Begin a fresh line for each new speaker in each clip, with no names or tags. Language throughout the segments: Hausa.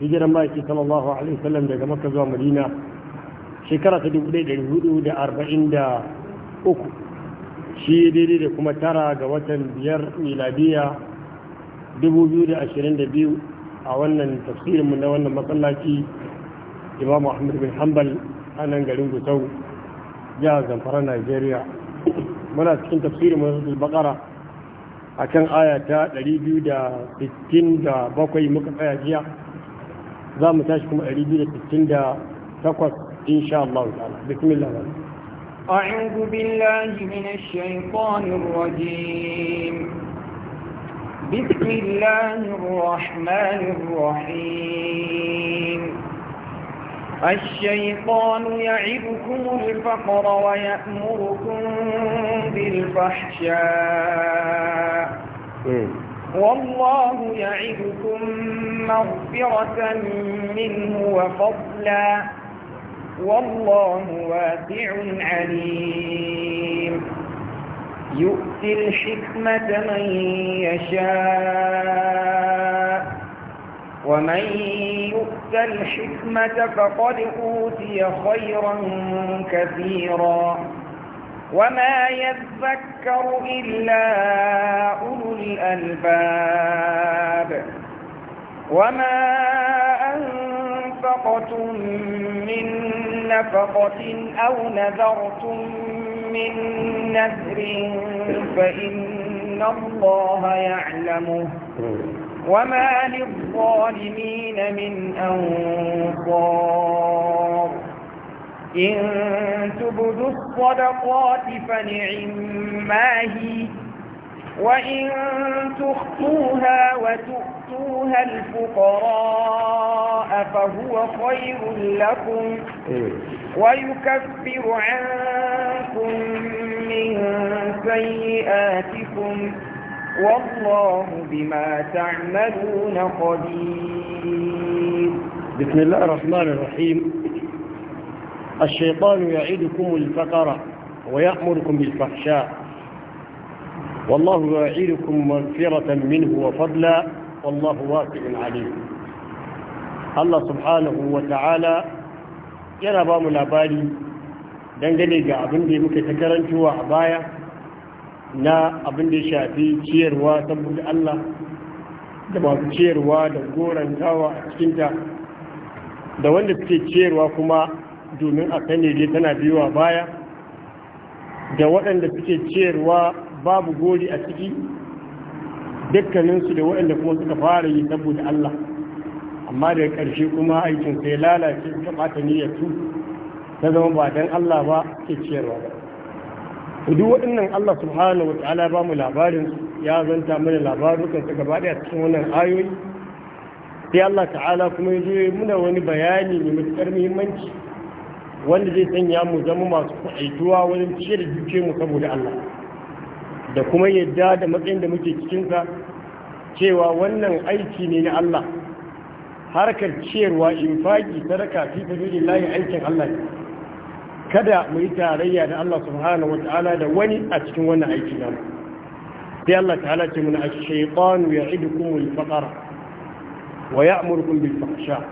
hijiran maki sallallahu alaihi wasallam daga makka zuwa madina shekara ta 1443 shi daidai da kuma tara ga watan biyar miladiya 2022 a wannan tafsirinmu na wannan masallaci imam ahmad bin hanbal a nan garin gusau jihar zamfara nigeria muna cikin tafsirinmu na sassul bakara a kan aya ta 267 muka tsaya jiya za mu tashi kuma 268 insha Allah ta'ala bismillah
أعوذ بالله من الشيطان الرجيم بسم الله الرحمن الرحيم الشيطان يعبكم الفقر ويأمركم بالفحشاء والله يعدكم مغفرة منه وفضلا والله واسع عليم يؤتي الحكمة من يشاء ومن يؤت الحكمة فقد أوتي خيرا كثيرا وما يذكر إلا أولو الألباب وما أنفقتم من نفقة أو نذرتم من نذر فإن الله يعلمه وما للظالمين من أنصار إن تبدوا الصدقات فنعماه هي وإن تخطوها وتؤتوها الفقراء فهو خير لكم إيه. ويكفر عنكم من سيئاتكم والله بما تعملون خبير
بسم الله الرحمن الرحيم الشيطان يعيدكم الفقر ويأمركم بالفحشاء والله يعيدكم مغفرة منه وفضلا والله واسع عليم الله سبحانه وتعالى yana bamu labari dangane ga abin da muke ta karantuwa a baya na abin da ya shafi ciyarwa saboda Allah da masu ciyarwa da tawa a cikinta da wanda suke ciyarwa kuma domin a sani dai tana biyuwa baya da waɗanda suke ciyarwa babu gori a ciki dukkaninsu da waɗanda kuma suka fara yi saboda Allah amma daga ƙarshe kuma aikin sai lalace ta ɓata tu, ta zama ba don Allah ba ke ciyarwa ba hudu waɗannan Allah subhanahu wa ta'ala ba mu labarin ya zanta mana labarukan su gaba ɗaya cikin wannan ayoyi sai Allah ta'ala kuma ya zo muna wani bayani mai matuƙar muhimmanci wanda zai sanya mu zama masu kwaituwa wajen ciyar duke mu saboda Allah da kuma yadda da matsayin da muke cikinsa cewa wannan aiki ne na Allah harkar ciyarwa infaki sadaka fi sabilillahi aikin Allah ne kada mu yi tarayya da Allah subhanahu wata'ala da wani a cikin wannan aiki na mu sai Allah ta'ala ce mana ash-shaytanu ya'idukum al-faqr wa ya'murukum bil fahsha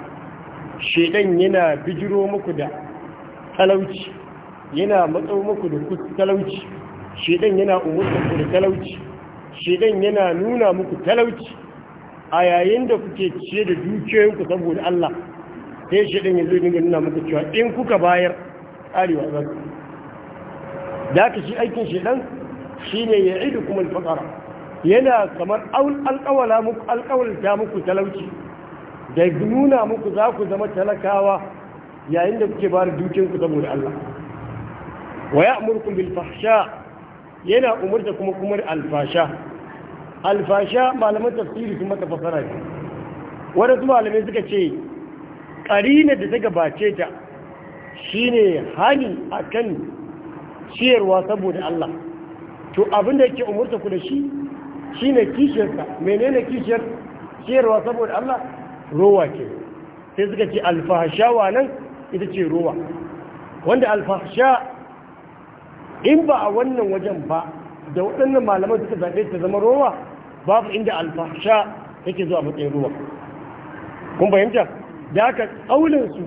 shaytan yana bijiro muku da talauci yana matsau muku da talauci shedan yana umurta ku da talauci shedan yana nuna muku talauci a yayin da kuke ciye da dukiyoyinku saboda Allah sai shedan ya zo dinga nuna muku cewa in kuka bayar karewa za ku da ka shi aikin shi ne ya idu kuma alfaqara yana kamar alƙawala muku muku talauci da nuna muku za ku zama talakawa yayin da kuke bada dukinku saboda Allah wa ya'murukum bil fahsha yana umurta kuma kuma alfasha alfasha malaman tafsiri kuma ta fasara ne wanda su malamai suka ce karina da ta gabace ta shine hani akan ciyarwa saboda Allah to abin da yake umurta ku da shi shine kishiyarsa menene kishiyar ciyarwa saboda Allah rowa ke sai suka ce wa nan ita ce ruwa wanda alfahsha in ba a wannan wajen ba da waɗannan malaman suka zaɓe ta zama ruwa babu inda alfahsha yake zuwa matsayin ruwa kun fahimta da haka ƙaulinsu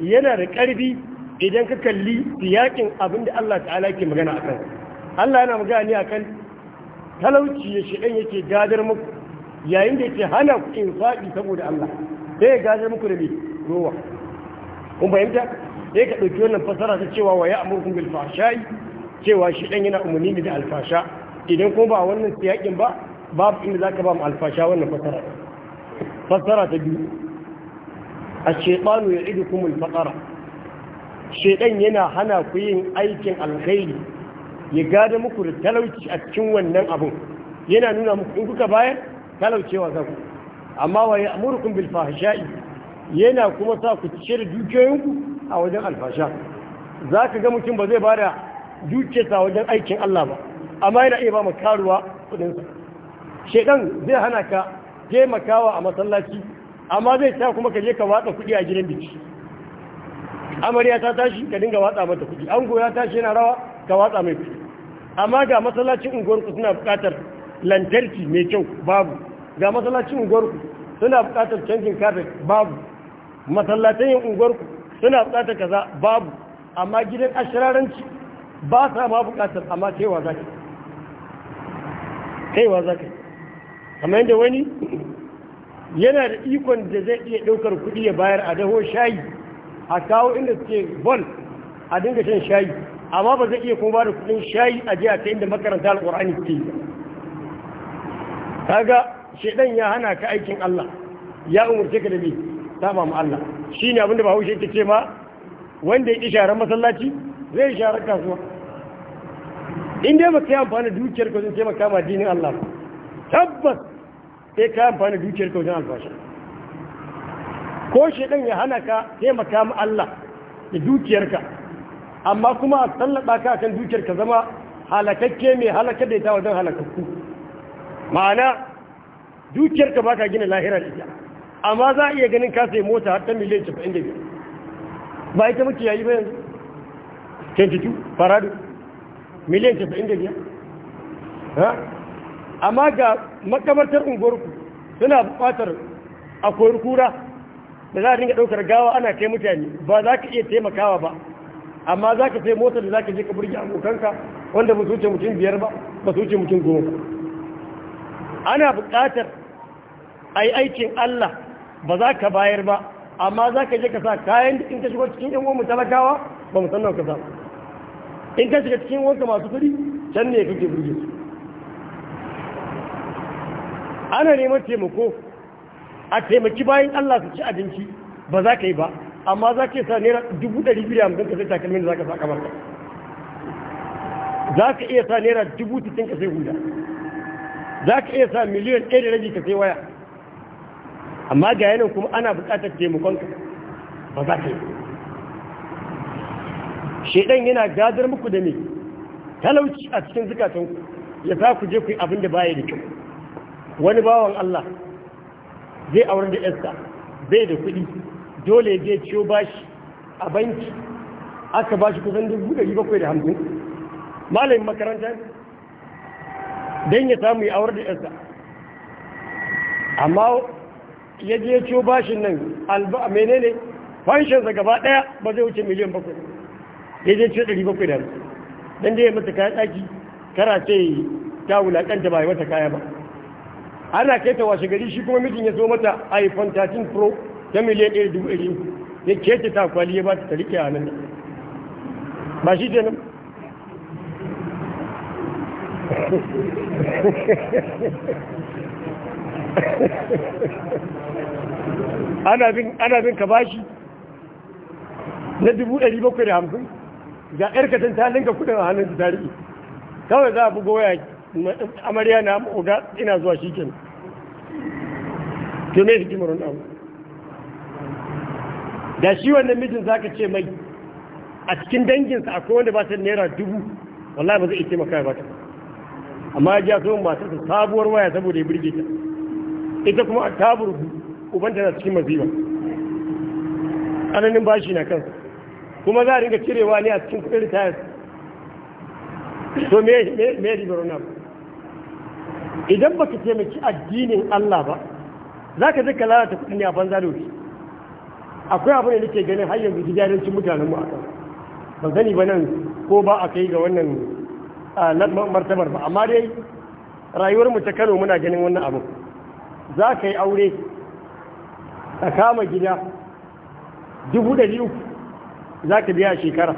yana da ƙarfi idan ka kalli yakin abin da Allah ta'ala ke magana a kan Allah yana magana ne a kan talauci ya shi yake gadar muku yayin da yake hana ku in faɗi saboda Allah sai ya gadar muku da mai ruwa kun fahimta ya ka ɗauki wannan fasara ta cewa wa ya'murkum bil fahsha'i cewa shi dan yana umarni da alfasha idan kuma ba wannan siyakin ba babu inda zaka ba mu alfasha wannan fasara fasara ta biyu ash-shaytanu ya'idukum al-faqara shaytan yana hana ku yin aikin alkhairi ya gada muku da talauci a cikin wannan abun yana nuna muku in kuka bayar talaucewa zaku amma wa ya'murukum bil fahsha'i yana kuma sa ku cire dukiyoyinku a wajen alfasha za ka ga mutum ba zai ba da dukiyarsa wajen aikin Allah ba amma yana iya ba mu karuwa kudinsa shedan zai hana ka taimakawa a masallaci amma zai ta kuma ka je ka watsa kudi a gidan biki amarya ta tashi ka dinga watsa mata kudi an goya tashi yana rawa ka watsa mai kudi amma ga masallacin unguwarku suna bukatar lantarki mai kyau babu ga masallacin unguwarku suna bukatar canjin kafin babu masallatan yin unguwarku suna bukatar kaza babu amma gidan ashirarenci ba sa ma bukatar amma kaiwa za ka kaiwa za ka amma yadda wani yana da ikon da zai iya ɗaukar kuɗi ya bayar a daho shayi a kawo inda suke bol a dinga shan shayi amma ba zai iya kuma ba da kuɗin shayi a je ta inda makaranta al'urani ke yi kaga shedan ya hana ka aikin Allah ya umarci ka da mai saba mu Allah shi ne abin da Bahaushe yake ce ma wanda ya ƙi sharar masallaci zai sharar kasuwa in dai ka yi amfani dukiyar ka sai taimaka ma dinin Allah tabbas sai ka amfani dukiyar ka wajen albashi ko shedan ya hana ka taimaka ma Allah da dukiyarka amma kuma a tallaba ka kan dukiyar ka zama halakakke mai halakar da ta wajen halakakku ma'ana dukiyar ba baka gina lahirar ita amma za a iya ganin ka yi mota har ta miliyan 95 ba ita muke yayi bayan yanzu 22 faradu miliyan 95 ha amma ga makamartar unguwarku suna bukatar koyar kura da za a dinga daukar gawa ana kai mutane ba za ka iya taimakawa ba amma za ka sai motar da za ka je ka burge abokanka wanda ba su ce mutum biyar ba ba su ce mutum goma ana buƙatar a yi aikin Allah ba za ka bayar ba amma za ka je ka sa kayan in ka shiga cikin yan uwan talakawa ba mu ka sa in ka shiga cikin wanka masu kuɗi can ne kake burge su ana neman taimako a taimaki bayan Allah su ci abinci ba za ka yi ba amma za ka yi sa naira dubu ɗari biyu da hamsin ka sai takalmin da za ka sa kamar ka za ka iya sa naira dubu titin ka sai huda za ka iya sa miliyan ɗaya da rabi ka sai waya amma ga yanin kuma ana buƙatar taimakonka ba za ka yi shaidan yana gadar muku da ne talauci a cikin zukatanku ya sa ku je ku yi abin da baya da kyau wani bawan Allah zai auren da yarsa bai da kuɗi dole zai ciyo bashi a banki aka bashi kusan dubu yi bakwai da hamsin malamin makaranta don ya samu ya auren da yarsa amma ya je ciwo bashin nan alba menene fanshinsa gaba daya ba zai wuce miliyan bakwai ya je ciwo ɗari bakwai da dan da ya mata kayan ɗaki kara ce ta wulaƙanta ba ya mata kaya ba ana kai ta washe gari shi kuma mijin ya zo mata iphone 13 pro ta miliyan ɗaya dubu ɗari ya keta ta kwali ya ba ta ta riƙe a nan ba shi ke nan ana bin ka bashi na dubu ɗari bakwai da hamsin ga ƴar katan ta linka kudin a hannun tarihi kawai za a bugu waya amarya na oga ina zuwa shi kenan to su kimarun kimarin abu da shi wannan mijin za ka ce mai a cikin danginsa akwai wanda ba ta naira dubu wallahi ba zai iya taimaka ba ta amma ya ji a tsohon matarsa sabuwar waya saboda ya birgita ta ita kuma a tabur uban tana cikin maziba ananin bashi na kansa kuma za a ringa cirewa ne a cikin kudin ritayas to me ribar na idan ba ka taimaki addinin Allah ba za ka zika lalata kudin ne a banza da wuce akwai abu ne nake ganin har yanzu gidajen mutanen mu a kan ba zani ba nan ko ba a kai ga wannan martabar ba amma dai rayuwar mu ta kano muna ganin wannan abu za ka yi aure ka kama gida dubu ɗari uku za ka biya a shekara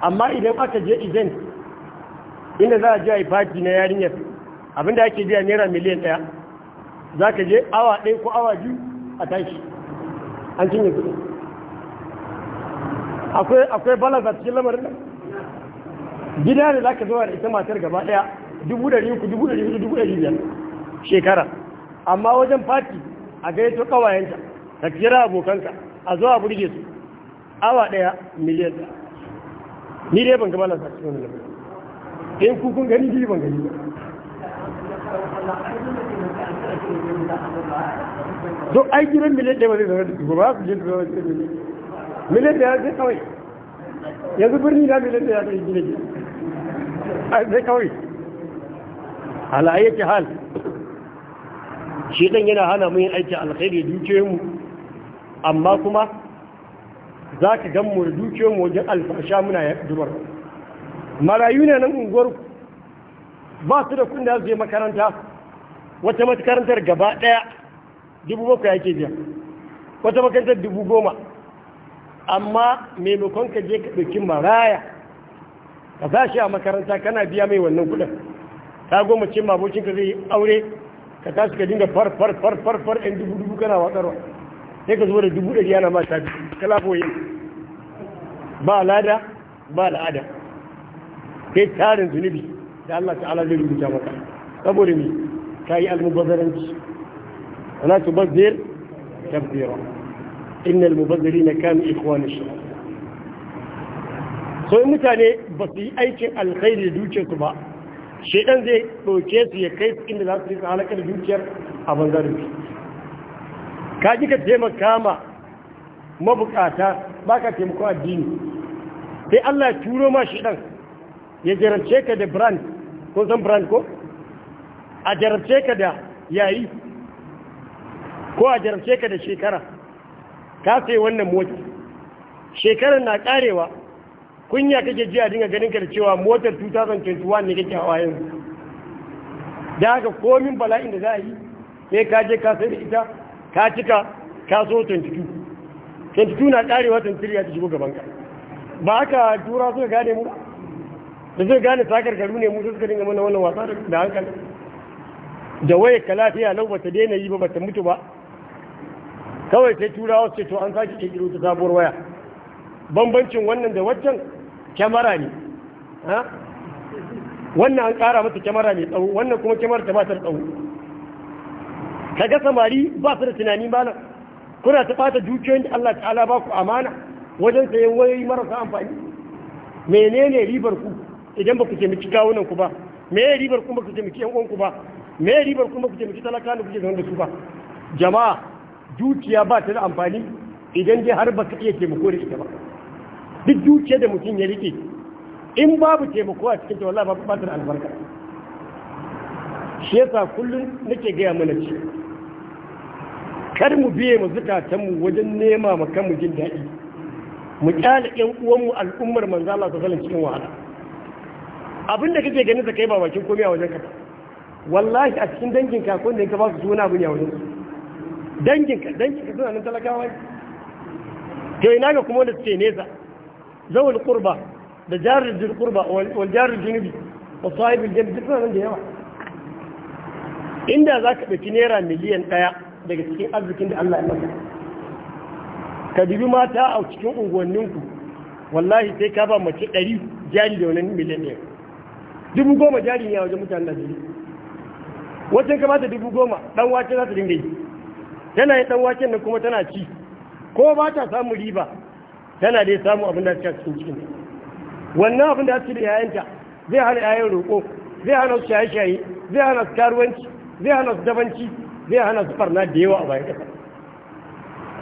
amma idan aka je event inda za a je a yi fati na yarinyar abinda ake biya naira miliyan ɗaya za ka je awa ɗaya ko awa biyu a tashi an cinye kuɗi akwai balance a cikin lamarin nan gida da za ka zuwa da ita matar gaba ɗaya dubu ɗari uku dubu ɗari hudu dubu ɗari biyar shekara amma wajen fati a gaito kawayenta ka kira abokanka a zo a burge su awa daya miliyan ta, ni dai ban gaba lasa cikin wani in eh, kukun gani biyu ban gani ba to ai gidan miliyan ɗaya ba zai zama da su ba su je da zama da miliyan miliyan ɗaya zai kawai yanzu birni na miliyan ɗaya zai gina gina zai kawai ala ayyaki hal shedan yana hana mu yin aikin alkhairi dukiyoyin mu amma kuma za ka gan mu da dukiyoyin mu wajen alfasha muna ya dubar marayu ne nan unguwar ba su da kunda zai su makaranta wata makarantar gaba daya dubu bakwai ake biya wata makarantar dubu goma amma maimakon ka je ka ɗauki maraya ka za shi a makaranta kana biya mai wannan kuɗin ta goma cin mabocinka zai aure ka tashi ka dinga far far far far far ɗan dubu dubu kana watsarwa sai ka zo da dubu ɗari yana ma shafi kalafoyi ba lada ba al'ada. kai tarin zunubi da Allah ta'ala zai rubuta maka saboda me ka yi almubazzaranci tu bazzir tabbira inna almubazzirina kanu ikhwana shi so mutane ba su yi aikin alkhairi da dukiyarsu ba shaidan zai ɗauke su ya kai inda za su rika halakar zuciyar a banzan ka ji ka taimaka ma mabukata ba ka taimako addini sai Allah ya turo ma shaidan ya jarabce ka da brand ko san brand ko a jarabce ka da yayi ko a jarabce ka da shekara ka sai wannan mota shekarar na karewa kunya kake ji a dinga ganin ka da cewa motar 2021 ne kake hawa yanzu da haka komin bala'in da za a yi sai ka je ka sai da ita ka cika ka so 22 22 na karewa watan tiriya ta shigo gaban ka ba haka tura suka gane mu da suka gane sakar garu ne mu suka dinga mana wannan wasa da hankali da waye ka lafiya lau bata daina yi ba bata mutu ba kawai sai turawa su ce to an sake kirkiro ta sabuwar waya bambancin wannan da waccan kyamara ne wannan an ƙara mata kyamara mai tsawo wannan kuma kyamar ta matar tsawo kaga samari ba su da tunani ba nan kuna ta fata dukiyoyin da Allah ta'ala ba ku amana wajen sayan wayoyi marasa amfani menene ribar ku idan ba ku taimaki gawunan ku ba me ribar ku ba ku taimaki yan uwan ku ba me ribar ku ba ku taimaki talaka da kuke zaune da su ba jama'a dukiya ba ta da amfani idan dai har ba ka iya taimako da ita ba duk dukiyar da mutum ya rike in babu taimako a cikin wallahi babu fatar albarka shi yasa kullum nake gaya mana ce kar mu biye mu zukatanmu wajen nema ma mu jin daɗi mu kyale ƴan uwanmu al'ummar manzo Allah ta sallan cikin wahala abin da kake ganin sa kai ba bakin komai a wajen ka wallahi a cikin dangin ka ko da ka ba su suna ne a wajen dangin ka dangin ka suna nan talakawa to ina ga kuma wanda suke nesa zawul qurba da jarin jil qurba wal jarin junubi wa sahibul jannah nan da yawa inda za ka ɗauki naira miliyan ɗaya daga cikin arzikin da Allah ya maka ka dubi mata a cikin unguwanninku wallahi sai ka ba mace ɗari jari da wani miliyan dubu goma jari ne a wajen mutanen Najeriya wacce ka bata dubu goma ɗan wace za ta dinga yi tana yi ɗan wacen nan kuma tana ci ko ba ta samun riba tana dai samu abin da ta cikin cikin wannan abin da ta da yayanta zai hana yayan roƙo zai hana su shaye-shaye zai hana su karuwanci zai hana su dabanci zai hana su farna da yawa a bayan ƙasa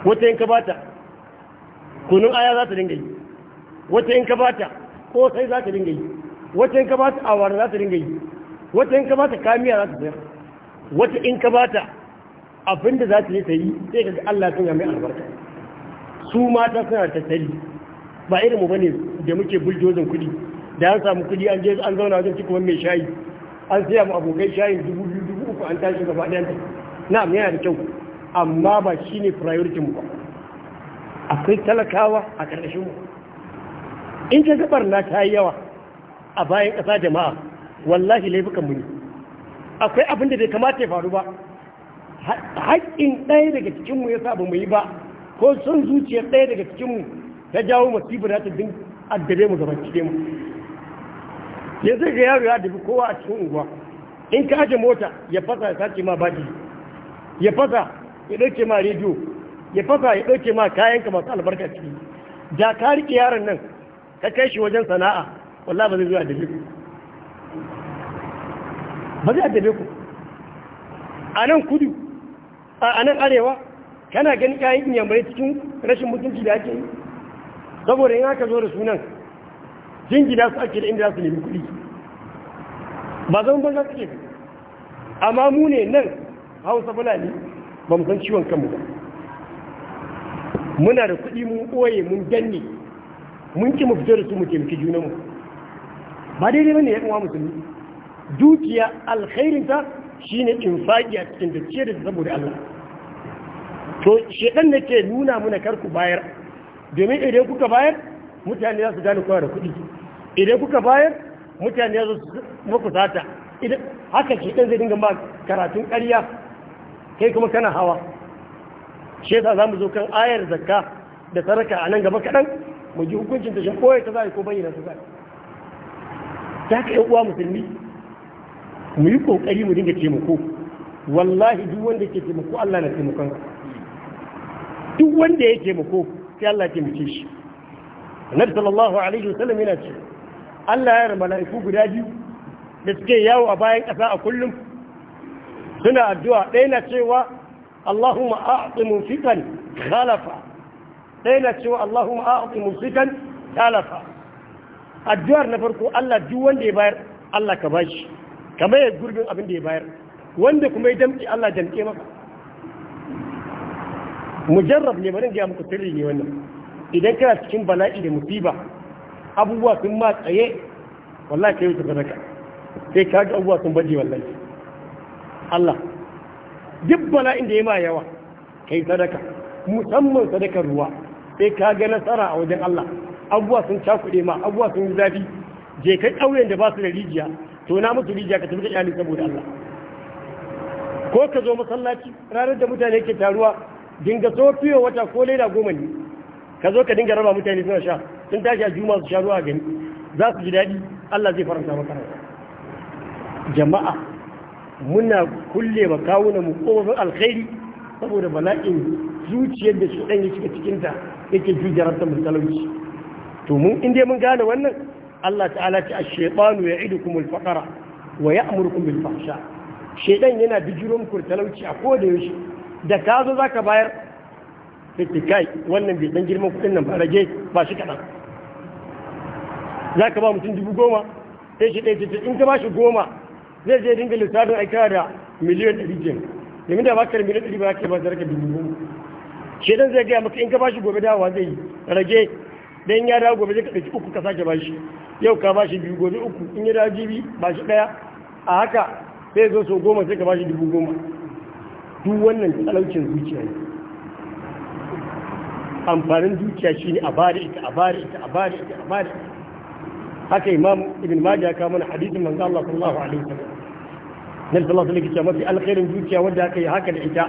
wata in ka bata kunun aya za ta dinga yi wata in ka bata sai za ta dinga yi wata in ka bata awara za ta dinga yi wata in ka bata kamiya za ta sayar wata in ka bata da za ta yi ta yi sai ka ga Allah sun mai albarka su mata suna tattali ba irin mu bane da muke buljozin kudi da an samu kudi an je an zauna wajen cikin mai shayi an siya mu abokai shayin dubu biyu dubu uku an tashi gaba ɗayan ta na'am yana da kyau amma ba shine priority mu ba akwai talakawa a ƙarƙashin mu in ka gabar na ta yi yawa a bayan ƙasa jama'a wallahi laifukan mu ne akwai abin da bai kamata ya faru ba haƙƙin ɗaya daga cikinmu ya sa ba mu yi ba ko sun zuciya ɗaya daga cikinmu ta jawo masifa da ta din addabe mu gaban cikin mu yanzu ga yaro ya dabi kowa a cikin unguwa in ka aje mota ya fasa ya sace ma baji ya fasa ya ɗauke ma rediyo ya fasa ya ɗauke ma kayanka masu albarka ciki da ka riƙe yaron nan ka kai shi wajen sana'a wallahi ba zai zo a dabe ku ba zai a dabe ku a nan kudu a nan arewa kana ganin ƴaƴan inyamurai cikin rashin mutunci da ake yi saboda yin haka zo da sunan jingina su ake da inda za su nemi kuɗi ba zan banza suke ba amma mu ne nan hausa fulani ba mu san ciwon kanmu ba muna da kuɗi mun ɓoye mun danne mun ki mu fito da su mu taimaki junanmu ba daidai bane ya kuma musulmi dukiya alkhairinta shine infaqiya a cikin da da saboda Allah to shedan da ke nuna muna karku bayar domin idan kuka bayar mutane za su gane kowa da kuɗi idan kuka bayar mutane za su muku sata haka shedan zai dinga ma karatun ƙarya kai kuma kana hawa shi yasa za mu zo kan ayar zakka da saraka a nan gaba kaɗan mu ji hukuncin ta shi koyar ta za ko bayyana ta za ta ka yan uwa musulmi mu yi kokari mu dinga taimako wallahi duk wanda ke taimako Allah na taimakon ka duk wanda ya taimako sai Allah shi annabi sallallahu alaihi wasallam yana ce Allah ya rama guda biyu da suke yawo a bayan kasa a kullum suna addu'a ɗaya na cewa Allahumma a'ti munfiqan khalafa ɗaya na cewa Allahumma a'ti addu'ar na farko Allah duk wanda ya bayar Allah ka bashi kamar ya gurbin abin da ya bayar wanda kuma ya damƙi Allah damƙe maka mujarrab ne bari ga muku sirri ne wannan idan kana cikin bala'i da musiba abubuwa sun ma tsaye wallahi kai wuce sadaka sai ka ga abubuwa sun baje wallahi Allah duk bala'in da ya ma yawa kai sadaka musamman sadaka ruwa sai ka ga nasara a wajen Allah abubuwa sun cakuɗe ma abubuwa sun yi zafi je kai ƙauyen da ba su da rijiya to na musu rijiya ka tafi ga iyali saboda Allah ko ka zo masallaci ranar da mutane ke taruwa dinga so fiye wata ko laida goma ne ka zo ka dinga raba mutane suna sha sun tashi a juma su sha ruwa gani za su ji daɗi Allah zai faranta maka jama'a muna kulle ba kawuna mu kofin alkhairi saboda bala'in zuciyar da shi ɗan ya shiga cikinta yake jujjarar ta mutalauci to mun inda mun gane wannan Allah ta'ala ce ash-shaytanu ya'idukum al-faqra wa ya'murukum bil fahsha shaytan yana bijiron kurtalauci a koda yaushe da ka zo za ka bayar sai kai wannan bai dan girman kudin nan ba rage ba shi kaɗan za ka ba mutum dubu goma ɗaya shi ɗaya cikin in ka ba shi goma zai je dinga lissafin aika da miliyan ɗari ke domin da ba ka miliyan ɗari ba ka ba zarka dubu goma shi dan zai gaya maka in ka ba shi gobe dawa zai yi rage dan ya dawo gobe zai ka ɗauki uku ka sake ba shi yau ka ba shi biyu gobe uku in ya dawo jibi ba shi ɗaya a haka sai zo so goma sai ka ba shi dubu goma duk wannan talaucin zuciya ne amfanin zuciya shi ne a bari ita a bari ita a bari ita a bari haka imam ibn majah ka mana hadisin manzo Allah sallallahu alaihi wasallam nan sallallahu alaihi wasallam mafi alkhairin zuciya wanda aka yi haka da ita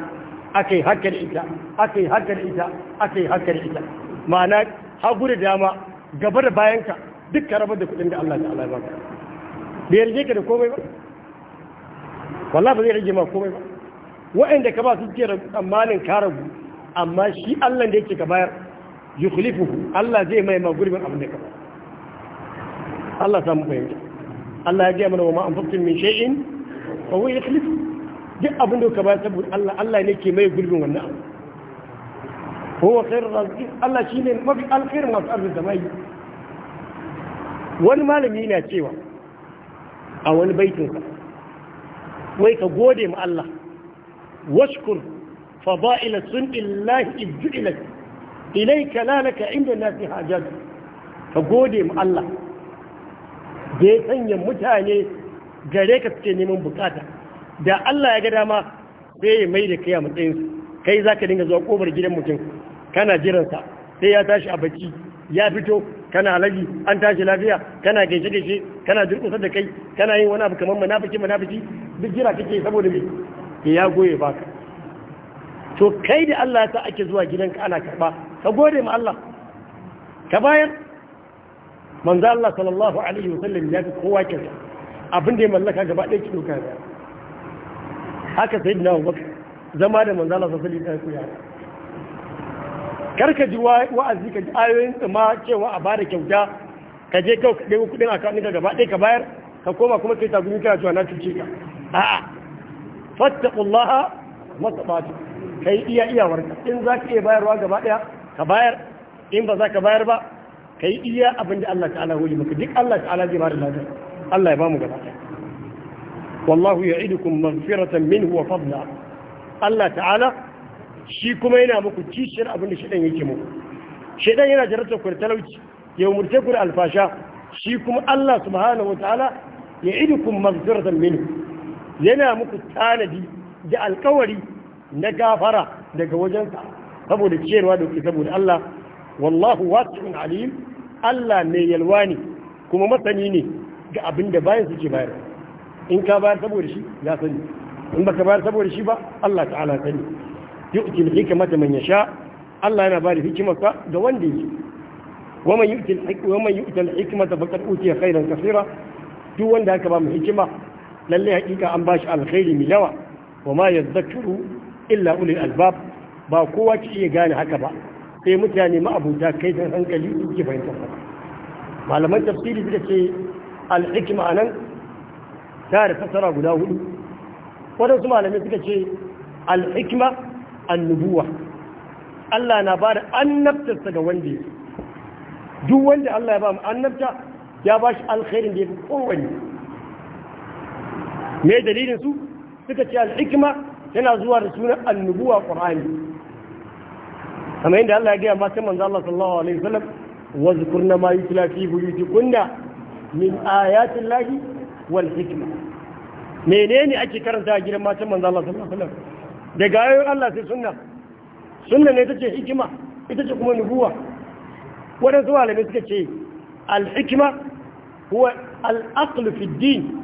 aka yi haka da ita aka yi haka da ita aka yi haka da ita ma'ana hagu da dama gaba da bayanka duk ka rabar da kudin da Allah ta'ala ya baka da yarje ka da komai ba wallahi ba zai rage ma komai ba waɗanda ka ba su suke tsammanin ka rabu amma shi Allah da yake ka bayar yukhlifuhu Allah zai mai magurbin abin da ka bayar Allah samu fahimta Allah ya ga mana wa ma anfaqtum min shay'in fa huwa yukhlifu duk abin da ka bayar saboda Allah Allah ne ke mai gurbin wannan abu huwa khairur raziqin Allah shine mafi alkhair masu arziki mai wani malami yana cewa a wani baitinsa wai ka gode ma Allah واشكر فضائل صنع الله إذ جئلك إليك لا لك عند الناس حاجات فقودي مع الله جيسان يمتاني جريك سكيني من بكاتا da Allah ya ga dama sai ya mai da kai a matsayinsu kai za ka dinga zuwa ƙofar gidan mutum kana jiransa sai ya tashi a baki ya fito kana alaji an tashi lafiya kana gaishe gaishe kana durƙusar da kai kana yin wani abu kamar munafiki munafiki duk jira kake saboda me ya goye baka to kai da Allah ya sa ake zuwa gidanka ana karba ka gode ma Allah ka bayar manzo Allah sallallahu alaihi wasallam ya fi kowa kyauta abin da ya mallaka gaba ɗaya ki doka da haka sai na Abubakar zama da manzo Allah sallallahu alaihi wasallam ya ka ji wa'azi ka ji ayoyin tsima cewa a bada kyauta ka je kawai ka ɗaya kuɗin a ka gaba ɗaya ka bayar ka koma kuma kai tagumi kana cewa na cuce ka a'a fattaqullaha matabatu kai iya iyawarka in za ka iya bayarwa gaba daya ka bayar in ba za ka bayar ba kai iya abin da Allah ta'ala hoji maka duk Allah ta'ala zai bada ladan Allah ya ba bamu gaba daya wallahu ya'idukum maghfiratan minhu wa fadla Allah ta'ala shi kuma yana muku kishiyar abin da shedan yake muku shedan yana jarrata ku talauci ya umurce ku da alfasha shi kuma Allah subhanahu wa ta'ala ya'idukum maghfiratan minhu yana muku tanadi da alkawari na gafara daga wajensa saboda ciyarwa da saboda Allah wallahu wasi'un alim Allah ne yalwa ne kuma masani ne ga abin da bayan suke bayar in ka bayar saboda shi ya sani in baka bayar saboda shi ba Allah ta'ala sani yu'ti al-hikmata man yasha Allah yana bada hikimarsa ga wanda yake wa man yu'ti al-hikmata faqad utiya khairan kaseera duk wanda aka ba mu hikima lalle hakika an bashi alkhairi mai yawa wa ma yadhakkaru illa ulil albab ba kowa ki iya gane haka ba sai mutane ma'abuta kai san hankali su ke fahimtar haka malaman tafsiri suka ce al anan ta da fasara guda hudu wadansu malamai suka ce al annubuwa Allah na ba da annabtarsa ga wanda ya duk wanda Allah ya ba mu annabta ya ba shi alkhairin da ya fi kowanne me dalilin su suka ce al yana zuwa da sunan annubuwa qur'ani kamar yadda Allah ya gaya ma manzo Allah sallallahu alaihi wasallam wa zikrna ma yutla fi buyutikunna min ayati llahi wal hikma menene ake karanta a gidan matan manzo Allah sallallahu alaihi wasallam daga ayoyin Allah sai sunna sunna ne tace hikima ita ce kuma nubuwa wadansu malamai suka ce al-hikma huwa al-aqlu fi din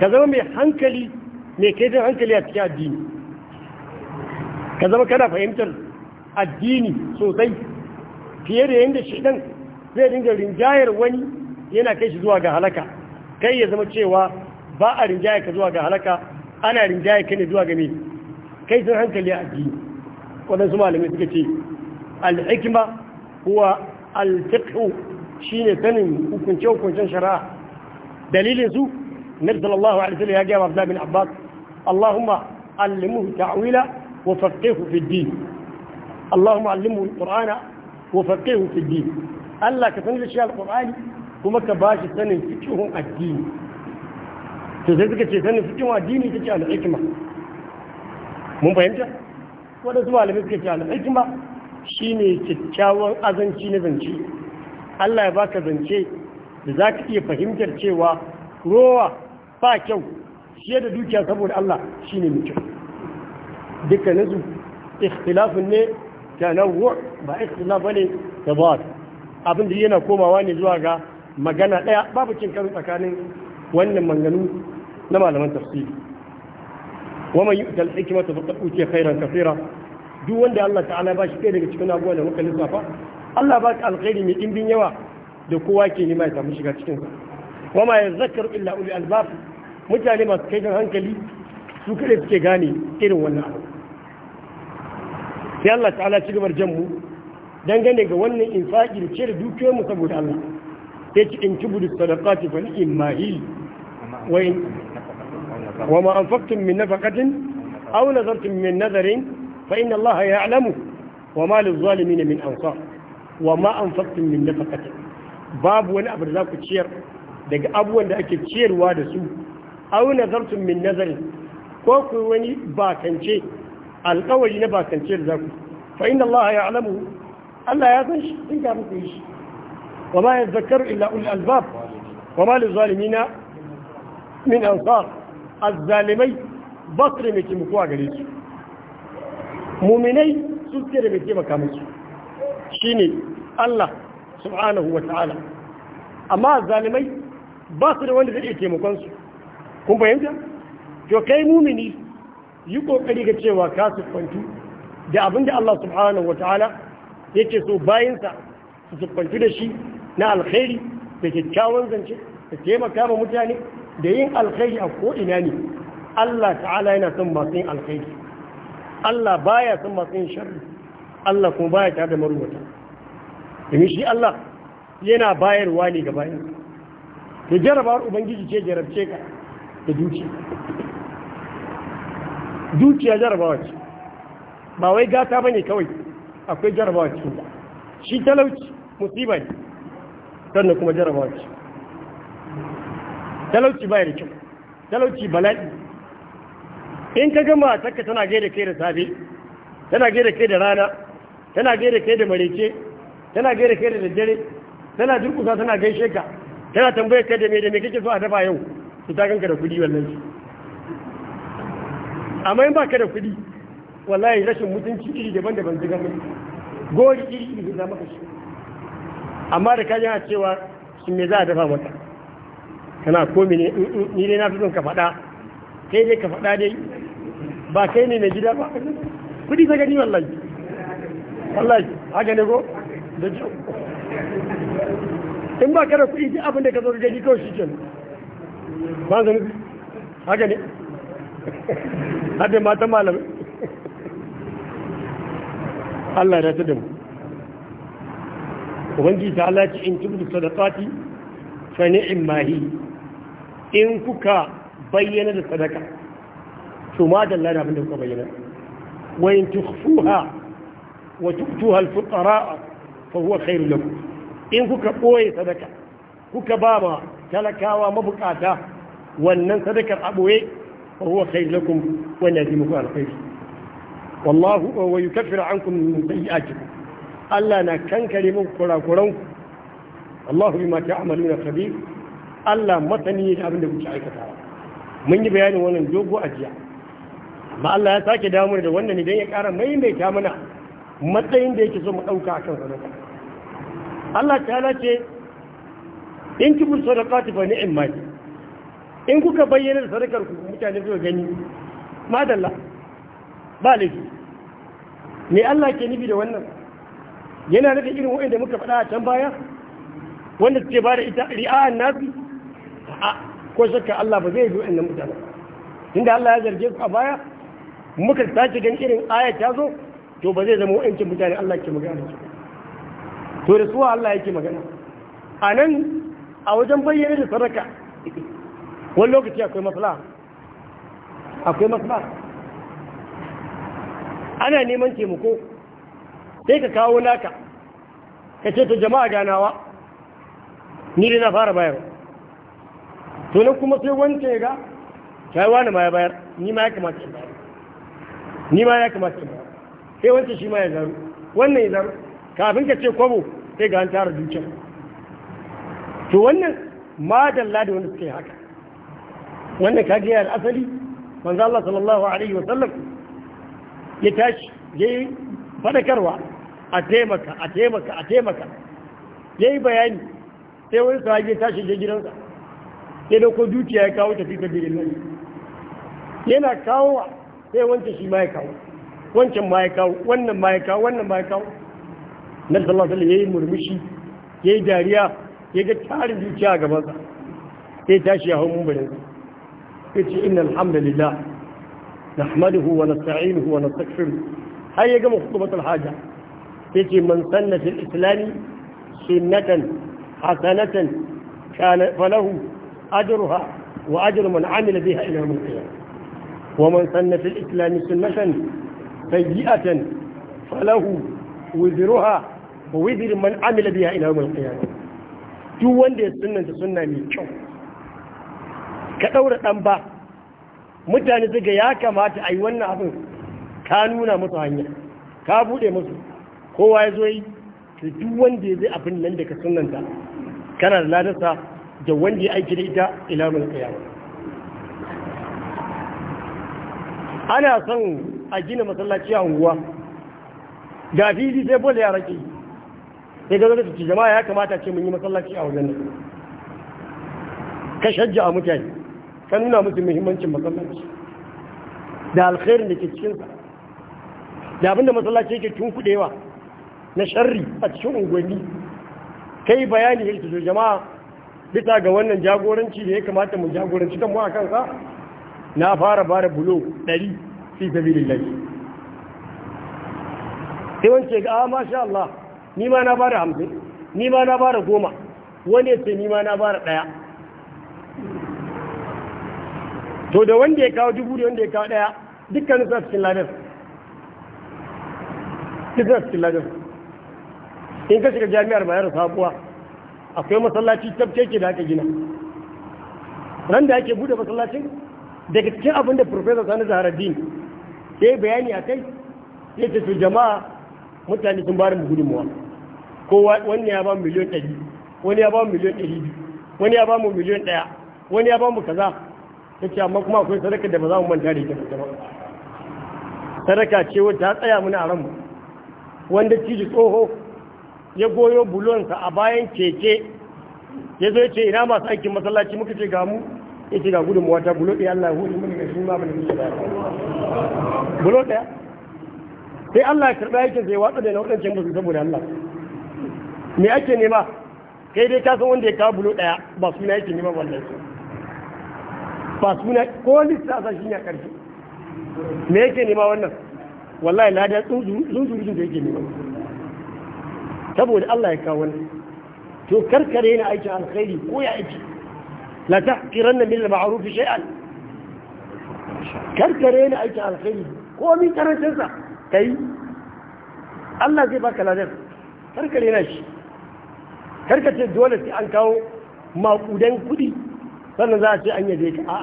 ka zama mai hankali mai kaifin hankali a cikin addini ka zama kana fahimtar addini sosai fiye da yadda shidan zai dinga rinjayar wani yana kai shi zuwa ga halaka kai ya zama cewa ba a rinjaya ka zuwa ga halaka ana rinjaya ka ne zuwa ga mai kai sun hankali a addini waɗansu malamai suka ce al'ikima kuwa alfiqhu shine sanin hukunce-hukuncen shari'a dalilin su النبي صلى الله عليه وسلم يا عبد الله بن عباس اللهم علمه تعويلا وفقهه في الدين اللهم علمه القرآن وفقهه في الدين Allah ka sanar da shi alƙur'ani kuma ka ba sanin fikihun addini to suka ce sanin fikihun addini ta ce mun fahimta waɗansu malamai kyakkyawan azanci na zance Allah ya baka zance da za ka iya fahimtar cewa rowa ba kyau shi da dukiya saboda Allah shi ne mutum dukkaninsu ikhtilafin ne tanawwu ba ikhtilaf ne da ba abin da yana komawa ne zuwa ga magana ɗaya babu cin karu tsakanin wannan manganu na malaman tafsiri wa man yu'tal hikmata faqad utiya khairan kaseera duk wanda Allah ta'ala ba shi ɗaya daga cikin abuwa da muka lissafa Allah ba ka alkhairi mai ɗimbin yawa da kowa ke nima ya samu shiga cikinsa wa ma yazzakaru illa ulul albab mutane masu kaifin hankali su kare suke gane irin wannan abu sai Allah ta'ala ci gabar jan dangane ga wannan infaqi da cire dukiyar mu saboda Allah sai ci in tubu sadaqati fa in mahi wa wa ma anfaqtum min nafaqatin aw nazartum min nazarin fa inna Allah ya'lamu wa ma lil zalimin min ansar wa ma anfaqtum min nafaqatin babu wani abu da za ku ciyar daga abubuwan da ake ciyarwa da su au nazartum min nazari ko ku wani bakance alkawari na bakance da zaku fa inna Allah ya alamu Allah ya san shi in ka muku shi wa ma yadhakkaru illa ul albab wa ma lil zalimina min ansar azzalimai basri miki muku a gare su muminai su suke da mai taimaka musu shine Allah subhanahu wa ta'ala amma zalimai ba su da wanda zai iya taimakon su kun fahimta to kai mumini yi kokari ga cewa ka siffantu da abinda Allah subhanahu wataala yake so bayansa su siffantu da shi na alkhairi da kyakkyawan zance da taimaka ma mutane da yin alkhairi a ko'ina ne Allah ta'ala yana son masu yin alkhairi Allah baya son masu yin sharri Allah kuma baya tare da marubuta domin shi Allah yana bayarwa ne ga bayan to jarabawar ubangiji ce jarabce ka da dukiya dukiya jarabawa ce ba wai gata ba ne kawai akwai jarabawa cikin shi talauci musiba ne sannan kuma jarabawa ce talauci ba da kyau talauci bala'i in ka gama takka tana gaida kai da safe tana gaida kai da rana tana gaida kai da marece tana gaida kai da daddare tana durkusa tana gaishe ka tana tambayar kai da me da me kake so a dafa yau su ta ganka da kudi wannan shi amma in baka da kudi wallahi rashin mutunci iri daban-daban ziga mai gori iri iri zama maka shi amma da kayan a cewa shi me za a dafa mata, kana komi ne mm, mm, ni dai na fi son ka faɗa kai dai ka faɗa dai ba kai ne mai gida ba kudi ta gani wallahi wallahi haka ne ko da in ba ka da kudi abin da ka zo da gani kawai shi kenan ba su nufi haka ne hadda matan malamai Allah ya da mu ubangiji ta Allah ce in da sadaqati fa in mahi in kuka bayyana da sadaka to ma dalla lada abin da kuka bayyana wa in tukhfuha wa tu'tuha al-fuqara fa huwa khairun lakum in kuka boye sadaka kuka ba ma talakawa mabukata wannan sadakar aboye fa huwa khair lakum wa yajimukum alkhair wallahu wa yukaffiru ankum min Allah na kankare muku kurakuran Allahu bima ta'maluna khabir Allah masani da abin da kuke mun yi bayanin wannan dogo ajiya amma Allah ya sake damu da wannan idan ya ƙara maimaita mana matsayin da yake so mu ɗauka akan sadaka Allah ta ce in sadaka ta fa ni'im ma in kuka bayyana sadakar ku mutane suka gani madalla ba laifi me Allah ke nufi da wannan yana nufin irin wanda muka faɗa a can baya wanda suke ba da ita ri'a'an a ko shakka Allah ba zai yi wa'annan mutane inda Allah ya zarge su a baya muka sace gan irin ayat ta zo to ba zai zama wa'incin mutane Allah ke magana to da suwa Allah yake magana a nan a wajen bayyana da sadaka wani lokaci akwai matsala. akwai matsala. ana neman taimako sai ka kawo naka ka ce ta jama'a ganawa ni da na fara bayar to nan kuma sai wance ya ga ta na ma ya bayar ni ma ya kamata ya bayar ni ma ya kamata ya bayar sai wancan shi ma ya zaru wannan ya zaru kafin ka ce kwabo sai ga an tara dukiyar to wannan ma da wanda suke haka wannan kage ya asali manzo Allah sallallahu alaihi wa sallam ya tashi yayi fadakarwa a taimaka a taimaka a taimaka yayi bayani sai wani sahabi ya tashi je gidansa ya dauko dukiya ya kawo tafi sabilillah yana kawo sai wancan shi ma ya kawo wancan ma ya kawo wannan ma ya kawo wannan ma ya kawo nan sallallahu alaihi wa sallam yayi murmushi yayi dariya ya ga tarin dukiya gaban sa sai tashi ya hau mumbarin ya ce inna alhamdulillah nahmaduhu wa nasta'inuhu wa nastaghfiruh har ya gama hukumatul haja ya ce man sanna fil islami sunnatan hasanatan kana falahu ajruha wa ajru man amila biha ila yawm al-qiyamah wa man sanna fil islami sunnatan sayyi'atan falahu wizruha wa wizru man amila biha ila yawm al-qiyamah duk wanda ya sunanta sunna mai kyau ka ɗaura ɗan ba mutane suka ya kamata a yi wannan abin ka nuna musu hanya ka buɗe musu kowa ya zo yi duk wanda ya zai abin nan da ka ta kana da ladarsa da wanda ya aiki da ita ilamin kayawa ana son a gina masallaci a unguwa ga fili sai bola ya rage sai ga zai ce jama'a ya kamata ce mun yi masallaci a wajen ka shajja a mutane ka nuna musu muhimmancin masallaci da alkhairin da ke cikinsa da abinda masallaci yake tun kudewa na sharri a cikin unguwanni kai bayani ya ce jama'a bisa ga wannan jagoranci da ya kamata mu jagoranci kan mu a kansa na fara bara bulo 100 fi sabilillahi sai wance ga ah, masha Allah ni ma na bada hamsin ni ma na bada goma wani ya ce ni ma na bada ɗaya to da wanda ya kawo dubu da wanda ya kawo ɗaya dukkanin suna cikin ladar dukkanin cikin ladar in ka shiga jami'ar bayar da sabuwa akwai masallaci ke da aka gina ran da ake bude masallacin daga cikin abin da professor sani din ya yi bayani a kai ya ce su jama'a mutane sun bari mu gudunmuwa ko wani ya ba mu miliyon ɗari wani ya ba mu miliyon ɗari wani ya ba mu miliyon ɗaya wani ya ba mu kaza ta ce amma kuma akwai sadaka da ba za mu manta da ita ba sadaka ce wata ta tsaya mana a ranmu wanda ciji tsoho ya goyo bulonsa a bayan keke ya zo ce ina masu aikin masallaci muka ce ga mu ya ce ga gudunmuwa ta bulo ɗaya Allah ya hudu mun ga shi ma bane muke da bulo ɗaya sai Allah ya karɓa yake sai watsa da waɗancan musu saboda Allah me ake nema kai dai ka san wanda ya kawo bulo ɗaya ba suna yake nema ba su ba suna ko lissa sa shi ne a ƙarshe me yake nema wannan wallahi lada tsunzurutun da yake nema saboda Allah ya kawo wannan to karkare na aikin alkhairi ko ya aiki la tahqiranna min al-ma'ruf shay'an karkare na aikin alkhairi ko min karancin sa kai Allah zai baka ladan karka rena shi karka ce dole sai an kawo makudan kudi sannan za a ce an yaje ka a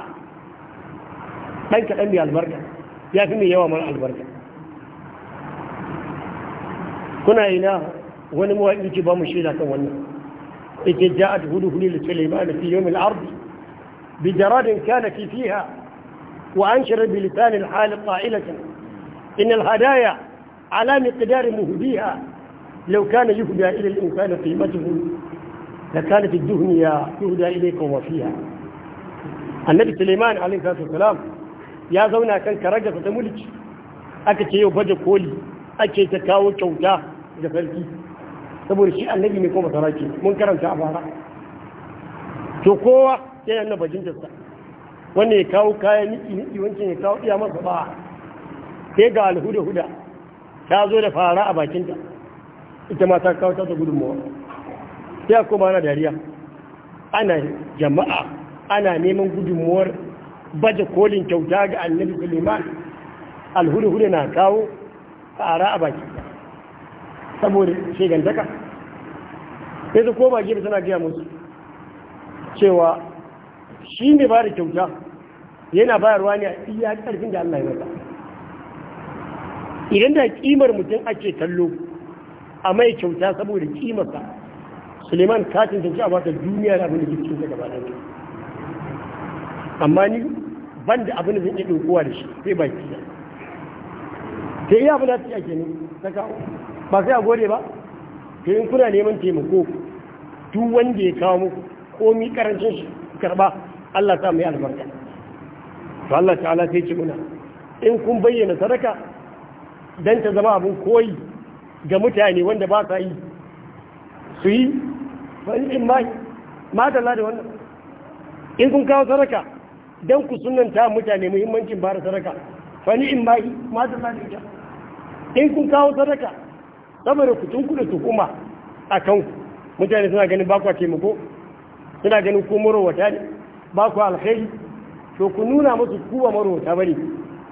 dan kaɗan mai albarka ya fi mai yawa mara albarka kuna ina wani mawaƙi ke ba mu shaida kan wannan yake ja'at hudhuli li sulaiman fi yawm al-ard bi jaradin kana fi fiha wa an bi lisan al-hal qa'ilatan إ ن الهدايا على مقدار مهديها لو كان يهدى إ ل ى ا ل إ ن س ا ن قيمته لكانت الدنيا يهدى إ ل ي ك م وفيها النبي سليمان عليه الصلاه والسلام يا زونا كان كرجل فتملك أ ك ت ي وفجر كولي أ ك ت ك ا و ك و ت ا ه جفلتي تقول شيئا النبي من قومه راجل منكرا كعبارا تقوى كان نبجنجسا وني كاوكا يمكن يكاوكا يا مصباح sai ga alhuda huda ta zo da fara a bakinta ita ma ta kawo ta gudunmawa sai a koma ana dariya ana jama'a ana neman gudunmawar baje kolin kyauta ga annabi suleiman alhuda huda na kawo fara a bakinta saboda shegantaka sai su koma gefe suna gaya musu cewa shi ne ba da kyauta yana bayarwa ne a iya karfin da Allah ya mata idan da kimar mutum ake kallo a mai kyauta saboda kimarsa suleiman katin cancanci a bata duniya da abin da ke daga daga da amma ni ban da abin da zan iya kowa da shi sai ba ki da ta iya abin da ta ake ne ta kawo ba sai a gode ba ta in kuna neman taimako duk wanda ya kawo muku komi karancin shi karba Allah ta mai albarka to Allah ta'ala yi ci muna in kun bayyana sadaka don ta zama abin koyi ga mutane wanda ba sa yi su yi in ma matala da wannan in kun kawo saraka don ku sunanta mutane muhimmancin bara saraka fani in ma matala da ita in kun kawo saraka saboda ku tun kuɗa kuma a kan mutane suna ganin bakwa taimako suna ganin ko marowata ne bakwa alkhairi to ku nuna musu kuwa marowata bane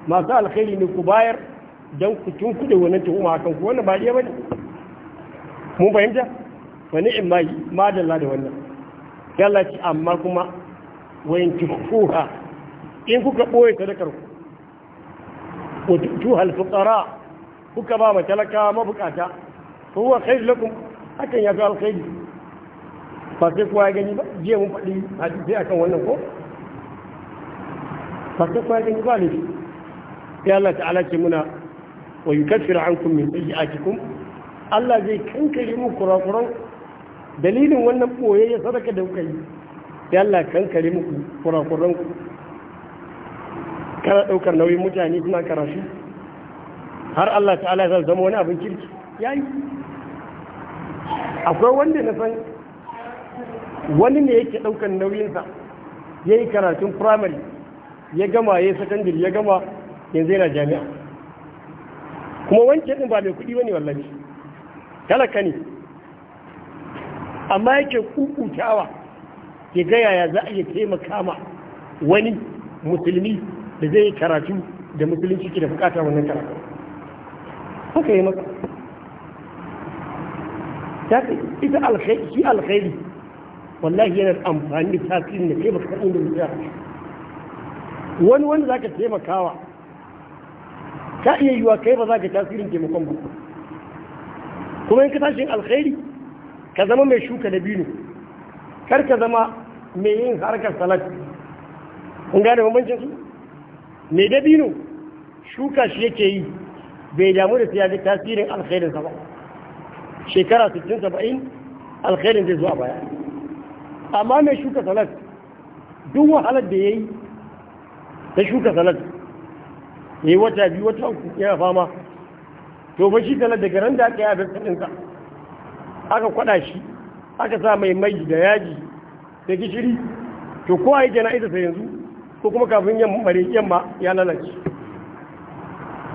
masu alkhairi ne ku bayar don ku tun wannan tuhuma a kanku wannan ba a ba ne mun fahimta wani in ma madalla da wannan yalla amma kuma wayan tuhuha in kuka ɓoye sadakar ku tuhal fuqara kuka ba matalaka mabukata wa khair lakum hakan ya fi alkhairi ba sai kowa ya gani ba jiya mun faɗi hadisi akan wannan ko ba sai kowa ya gani ba ne ya Allah ta'ala ce muna wa yukaffiru ankum min sayyi'atikum Allah zai kankare mu kurakuran dalilin wannan boyayya sadaka da kuka yi Allah kankare mu kurakuran ku kana daukar nauyin mutane suna karatu har Allah ta'ala ya zama wani abin kirki Ya yi akwai wanda na san wani ne yake daukar nauyinsa ya yi karatun firamare ya gama ya yi sakandiri ya gama yanzu yana jami'a kuma wanke din ba mai kuɗi wani wallahi talaka ne amma yake kukutawa ya gaya ya za a iya taimaka ma wani musulmi da zai yi karatu da musulunci ke da bukata wannan karatu haka yi maka ita alkhairi shi alkhairi wallahi yana amfani da tasirin da taimaka inda mutum wani wanda za ka taimakawa ta iya yiwa kai ba za ka tasirin taimakon ba kuma in ka tashin alkhairi ka zama mai shuka da biyu kar ka zama mai yin harkar salat kun gane bambancin su mai da biyu shuka shi yake yi bai damu da siya da tasirin alkhairin sa ba shekara 60 70 alkhairin zai zuwa baya amma mai shuka salat duk wahalar da ya yi ta shuka salat ne wata biyu wata uku yana fama to fa shi tana daga ran da aka yi abin ɗinsa aka kwaɗa shi aka sa mai mai da yaji da gishiri to kowa yi jana'iza sa yanzu ko kuma kafin yamma mare yamma ya lalace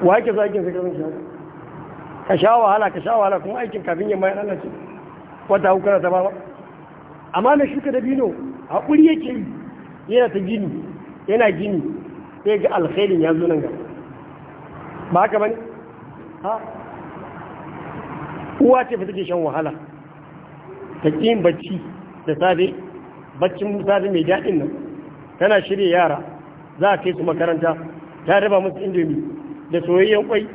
wa ake sa aikin sai kafin shi ka sha wahala ka sha wahala kuma aikin kafin yamma ya lalace wata uku kana ta ba amma na shuka da bino haƙuri yake yi yana ta gini yana gini sai ga alkhairin ya zo nan gaba ba haka bane ha uwa ce fa take shan wahala ta kin bacci da safe baccin safe mai daɗin nan tana shirya yara za a kai su makaranta ta raba musu indomi da soyayyen kwai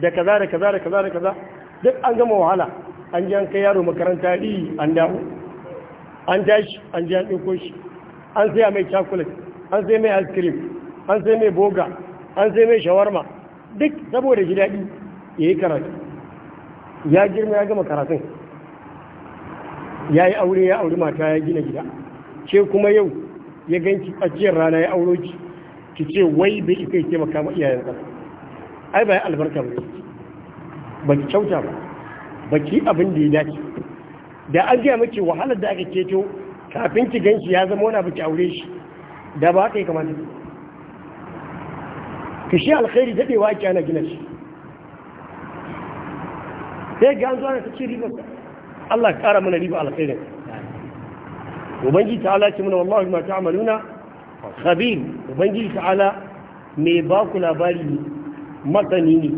da kaza da kaza da kaza da kaza duk an gama wahala an ji an kai yaro makaranta ɗi an dawo an tashi an ji an ɗauko shi an saya mai chocolate an sai mai ice cream an sai mai boga an sai mai shawarma duk saboda ji daɗi ya yi karatu ya girma ya gama karatun ya yi aure ya auri mata ya gina gida ce kuma yau ya ganki tsakiyar rana ya auro ki ki ce wai bai ita ya maka ma sa ai ba ya albarka ba ba ki kyauta ba ba ki abin da ya dace da an gaya miki wahalar da aka keto kafin ki ganki ya zama wani abu ki aure shi da ba haka ya kamata to shi alkhairi dadewa ake ana gina shi sai ga an zo ana ta ce ribar Allah kara mana riba alkhairin ubangiji ta'ala ce mana wallahi ma ta'maluna khabir ubangiji ta'ala me ba ku labari ne masani ne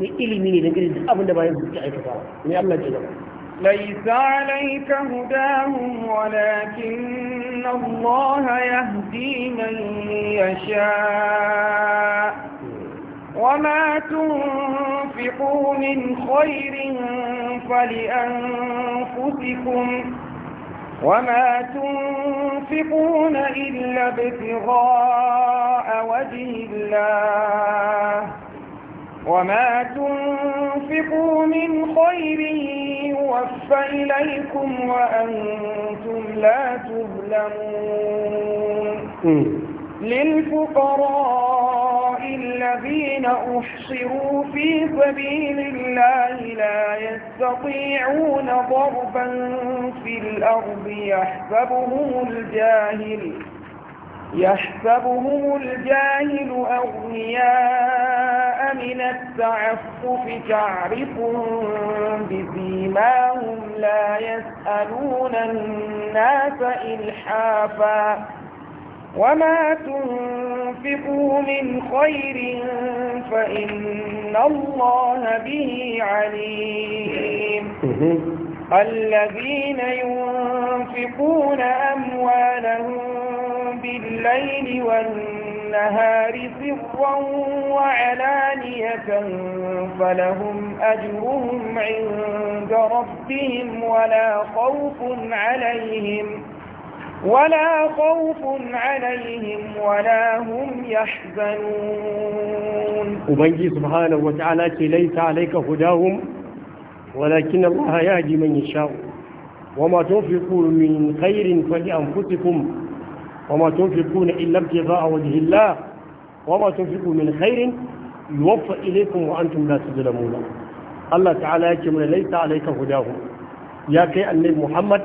ne ilimi ne dangane da abin da bayan su ke aikata ne Allah ce gaba
ليس عليك هداهم ولكن الله يهدي من يشاء وما تنفقوا من خير فلأنفسكم وما تنفقون إلا ابتغاء وجه الله وما تنفقوا من خير يوفى إليكم وأنتم لا تظلمون للفقراء الذين أحصروا في سبيل الله لا يستطيعون ضربا في الأرض يحسبهم الجاهل يحسبهم الجاهل أغنياء من التعفف تعرفهم بسيماهم لا يسألون الناس إلحافا وما تنفقوا من خير فإن الله به عليم الذين ينفقون أموالهم بالليل والنهار سرا وعلانية فلهم أجرهم عند ربهم ولا خوف عليهم ولا خوف عليهم ولا هم يحزنون
وبنجي سبحانه وتعالى ليس عليك هداهم ولكن الله يهدي من يشاء وما تنفقوا من خير فلأنفسكم وما تنفقون إلا ابتغاء وجه الله وما تنفقوا من خير يوفى إليكم وأنتم لا تظلمون الله تعالى يكمل ليس عليك هداهم يا كي أن محمد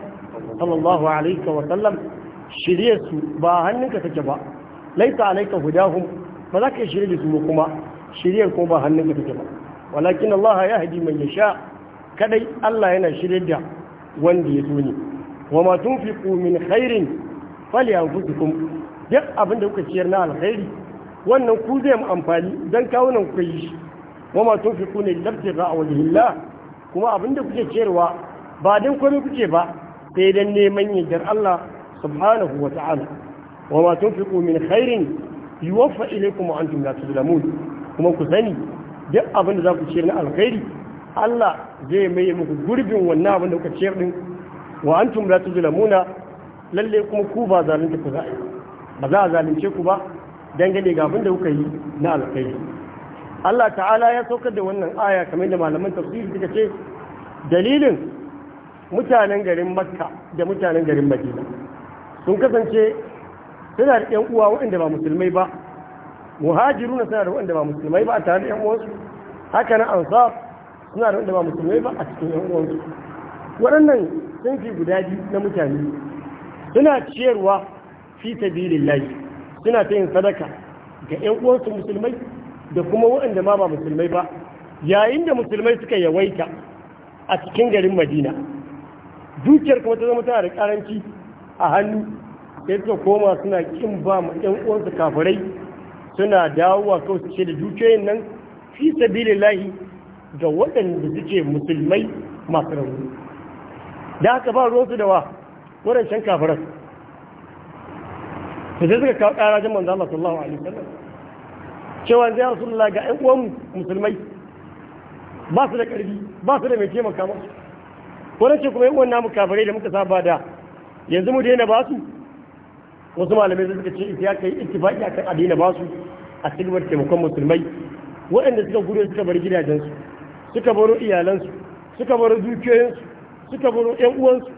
sallallahu alaihi wa sallam shirye su ba hannunka take ba laita alaika hudahum ba za ka shirye su kuma shiryar ko ba hannunka take ba walakin Allah ya hadi man yasha kadai Allah yana shirye da wanda ya so ne wa ma tunfiqu min khairin falyanfusukum duk abin da kuka ciyar na alkhairi wannan ku zai mu amfani dan kawunan ku yi shi wa ma tunfiqu ne labtiqa wajhillah kuma abin da kuke ciyarwa ba dan komai kuke ba sai dan neman yardar Allah subhanahu wa ta'ala wa ma tunfiqu min khairin yuwaffa ilaykum wa antum la tuzlamun kuma ku sani duk abin da za ku ciyar na alkhairi Allah zai mai muku gurbin wannan abin da kuka ciyar din wa antum la tuzlamuna lalle kuma ku ba zalunta ku za'i ba za a zalunce ku ba dangane ga abin da kuka yi na alkhairi Allah ta'ala ya saukar da wannan aya kamar da malaman tafsiri suka ce dalilin mutanen garin makka da mutanen garin madina sun kasance suna da yan uwa waɗanda ba musulmai ba na suna da waɗanda ba musulmai ba a tare da yan uwansu haka na ansar suna da waɗanda ba musulmai ba a cikin yan uwansu waɗannan sun fi guda biyu na mutane suna ciyarwa fi sabilillahi suna ta yin sadaka ga yan uwansu musulmai da kuma waɗanda ma ba musulmai ba yayin da musulmai suka yawaita a cikin garin madina dukiyar kuma ta zama tana da karanci a hannu sai suka koma suna kin ba ma ɗan uwansu kafirai suna dawowa kawai su ce da dukiyoyin nan fi lahi ga waɗanda suke musulmai masu rauni da haka ba ruwansu da wa waɗancan kafirai su sai suka kawo ƙara jin manzo Allah sallallahu alaihi wasallam cewa zai Rasulullah ga ƴan uwan musulmai ba su da ƙarfi ba su da mai taimaka musu wani ce kuma yan namu kafirai da muka saba da yanzu mu daina ba su wasu malamai da suka ce ita ya kai ittifaqi akan a daina ba su a silbar taimakon musulmai waɗanda suka gudu suka bar gidajensu suka baro iyalansu suka baro dukiyoyinsu suka baro yan uwansu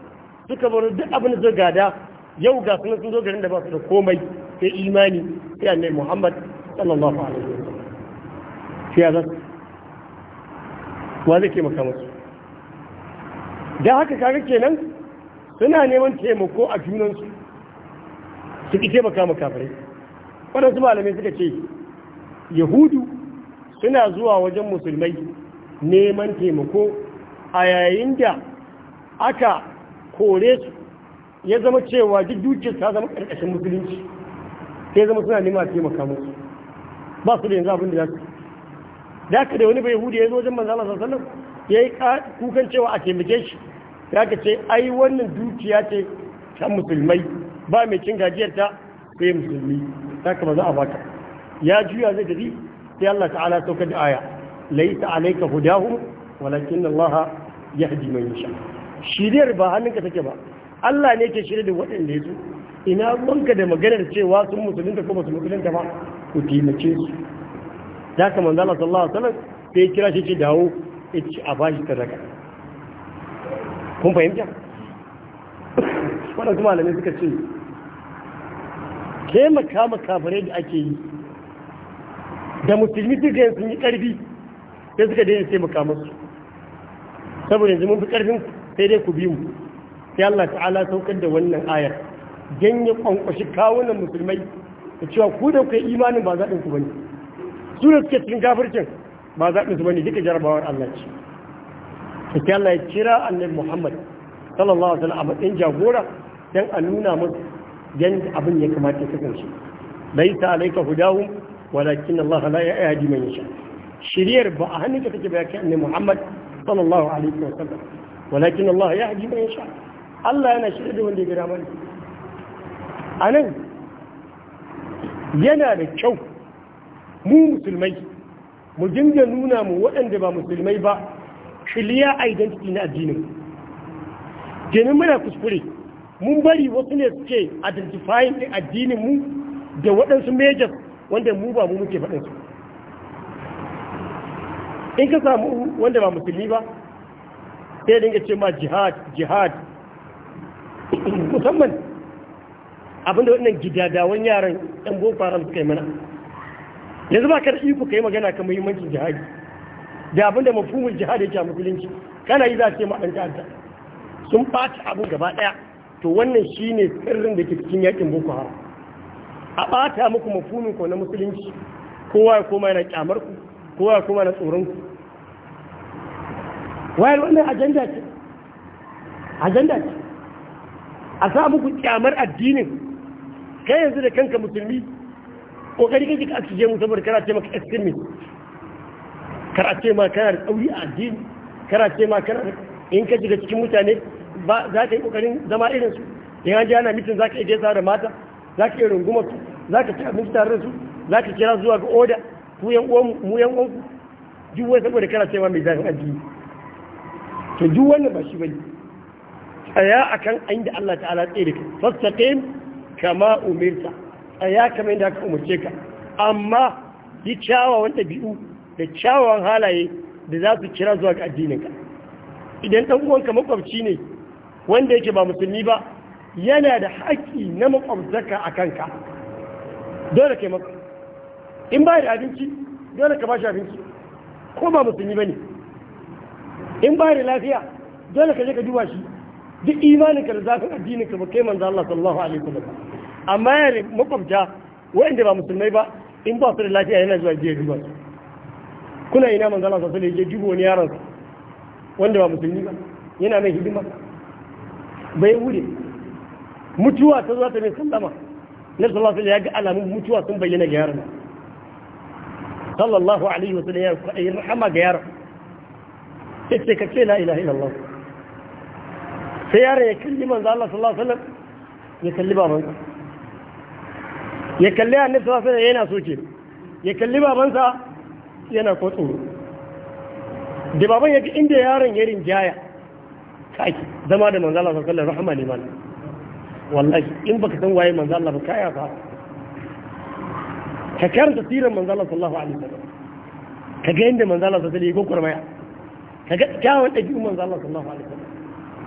suka baro duk abin da suka gada yau ga sunan sun zo garin da ba su da komai sai imani sai annabi Muhammad sallallahu alaihi wasallam sai wa zai maka musu da haka kaga kenan suna neman taimako a junansu su ki taimaka ma kafirai waɗansu malamai suka ce yahudu suna zuwa wajen musulmai neman taimako a yayin da aka kore su ya zama cewa duk dukiyar ta zama ƙarƙashin musulunci sai zama suna nema taimaka musu ba su da yanzu abin da za su da haka da wani bai hudu ya zo wajen manzala sallallahu ya yi kukan cewa a taimake shi ya ka ce ai wannan dukiya ce ta musulmai ba mai cin gajiyarta sai musulmi ta ka za a baka ya juya zai tafi sai Allah ta'ala saukar da aya laisa alayka hudahum walakin Allah ya yahdi mai yasha shiriyar ba hannun ka take ba Allah ne ke shirya da waɗanda ya zo ina ruwanka da maganar cewa sun musulunta ko basu musulunta ba ku taimake su ya kama manzo Allah sallallahu alaihi wasallam sai kira shi ce dawo ici a bashi sadaka kun fahimta waɗansu malamai suka ce makama makabarai da ake yi da musulmi duk yanzu sun yi ƙarfi sai suka daina sai makamarsu saboda yanzu mun fi ƙarfin sai dai ku bi mu sai Allah ta'ala saukar da wannan ayar don ya kwankwashi kawunan musulmai da cewa ku da kai imanin ba zaɗin ku bane su ne suke cikin gafircin ba zaɓin su bane duka jarabawar Allah ce sai Allah ya kira annabi Muhammad sallallahu alaihi wasallam a matsayin jagora dan a nuna musu yadda abin ya kamata ya kasance laisa alayka hudahum walakin Allah ya yi yahdi man yasha shiriyar ba a hannunka take ba kai annabi Muhammad sallallahu alaihi wasallam walakin Allah ya yahdi man yasha Allah yana shirya da wanda ya gara mana anan yana da kyau mu musulmai mu dinga nuna mu waɗanda ba musulmai ba clear identity na addinin domin muna kuskure mun bari wasu ne suke identifying din addinin mu da waɗansu major wanda mu ba mu muke faɗinsu in ka samu wanda ba musulmi ba sai dinga ce ma jihad jihad musamman abinda waɗannan gidadawan yaran ɗan boko haram suka yi mana yanzu ba ka da iko ka yi magana kan muhimmancin jihadi da abinda mafumin jihadi yake a musulunci kana yi za su yi ma'an ta'adda sun ɓata abin gaba ɗaya to wannan shi ne sirrin da ke cikin yakin boko haram a ɓata muku mafumin ku na musulunci kowa ya koma yana kyamar ku kowa ya koma yana tsoron ku wayar wannan ajanda ce ajanda ce a sa muku kyamar addinin kai yanzu da kanka musulmi kokari kake ka cije mu saboda kana ce maka extremist kana ce ma kana da tsauri a addini kana ce ma kana in ka shiga cikin mutane ba za ka yi kokarin zama irin su in an ji ana mitin za ka iya gaisa da mata za ka iya runguma su za ka ci abinci tare da su za ka kira zuwa ga oda ku yan uwan mu yan uwan duk wai saboda kana ce ma mai zafin addini to duk wannan ba shi bane tsaya akan inda Allah ta'ala tsere ka fastaqim kama umirta ya kamar inda aka umarce ka amma yi kyawawan ɗabi'u da kyawawan halaye da za su kira zuwa ga addininka idan ɗan uwanka makwabci ne wanda yake ba musulmi ba yana da haƙƙi na makwabtaka a kanka dole kai maka in ba da abinci dole ka ba shi abinci ko ba musulmi ba ne in ba da lafiya dole ka je ka duba shi duk imaninka da zafin addininka ba kai manzo Allah sallallahu alaihi wasallam amma yare makwabta waɗanda ba musulmai ba in ba su da lafiya yana zuwa jiya duba kuna ina manzala sosai da yake dubo wani yaron wanda ba musulmi ba yana mai hidima bai wuri mutuwa ta zuwa ta mai sallama na sallallahu alaihi ya ga alamun mutuwa sun bayyana ga yaron sallallahu alaihi sallam ya yi rahama ga yaron ita ka ce la ilaha illallah sai yaron ya kalli manzo Allah sallallahu alaihi wasallam ya kalli babansa ya kalli a nisa alaihi da yana soke ya kalli babansa yana ko tsoro da baban ya inda yaron ya jaya kai zama da manzala Allah kallar rahama ne mana wallahi in baka san waye manzala ba kaya fa ka karanta sirar manzala Allah sallallahu alaihi wasallam ka ga inda manzala Allah sallallahu alaihi wasallam ya ka ga kyawun dabi'un manzala Allah sallallahu alaihi wasallam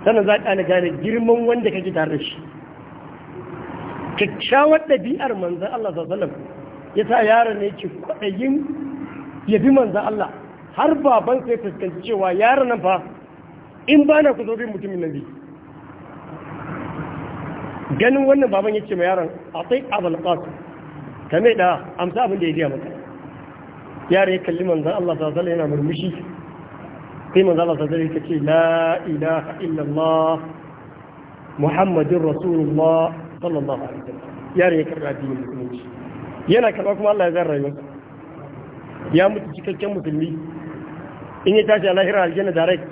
sannan za ka gane girman wanda kake tare da shi kyakkyawar ɗabi'ar manzan Allah sallallahu ya sa yaron ne ke kwaɗayin ya manzan Allah har baban sai fuskanci cewa yaron nan fa in ba na ku bin mutumin nan ganin wannan baban ya ce ma yaron a tsaye abal qasim ka mai ɗaya amsa abin da ya gaya maka yaro ya kalli manzan Allah sallallahu yana murmushi sai manzan Allah sallallahu ya ce la ilaha illallah muhammadin rasulullah sallallahu alaihi wasallam yaron ya karɓi addinin musulunci yana karɓa kuma Allah ya zan rayuwarsa ya mutu cikakken musulmi in ya tashi a lahirar aljanna direct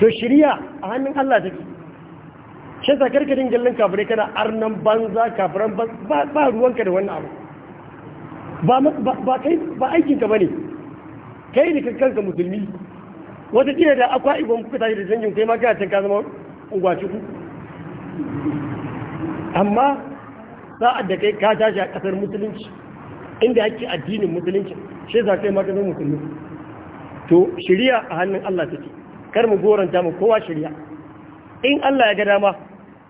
to shirya a hannun Allah take shi sa karkarin gallon kafirai kana arnan banza kafiran ba ruwanka da wannan abu ba kai ba aikinka ka ne kai da kanka musulmi wata kila da akwai ibon kuka tashi da dangin kai ma kana can ka zama ungwaci ciku. amma sa'ad da kai ka tashi a ƙasar musulunci inda ake addinin musulunci shi za kai maganin musulmi to shirya a hannun Allah take kar mu goranta mu kowa shirya in Allah ya ga dama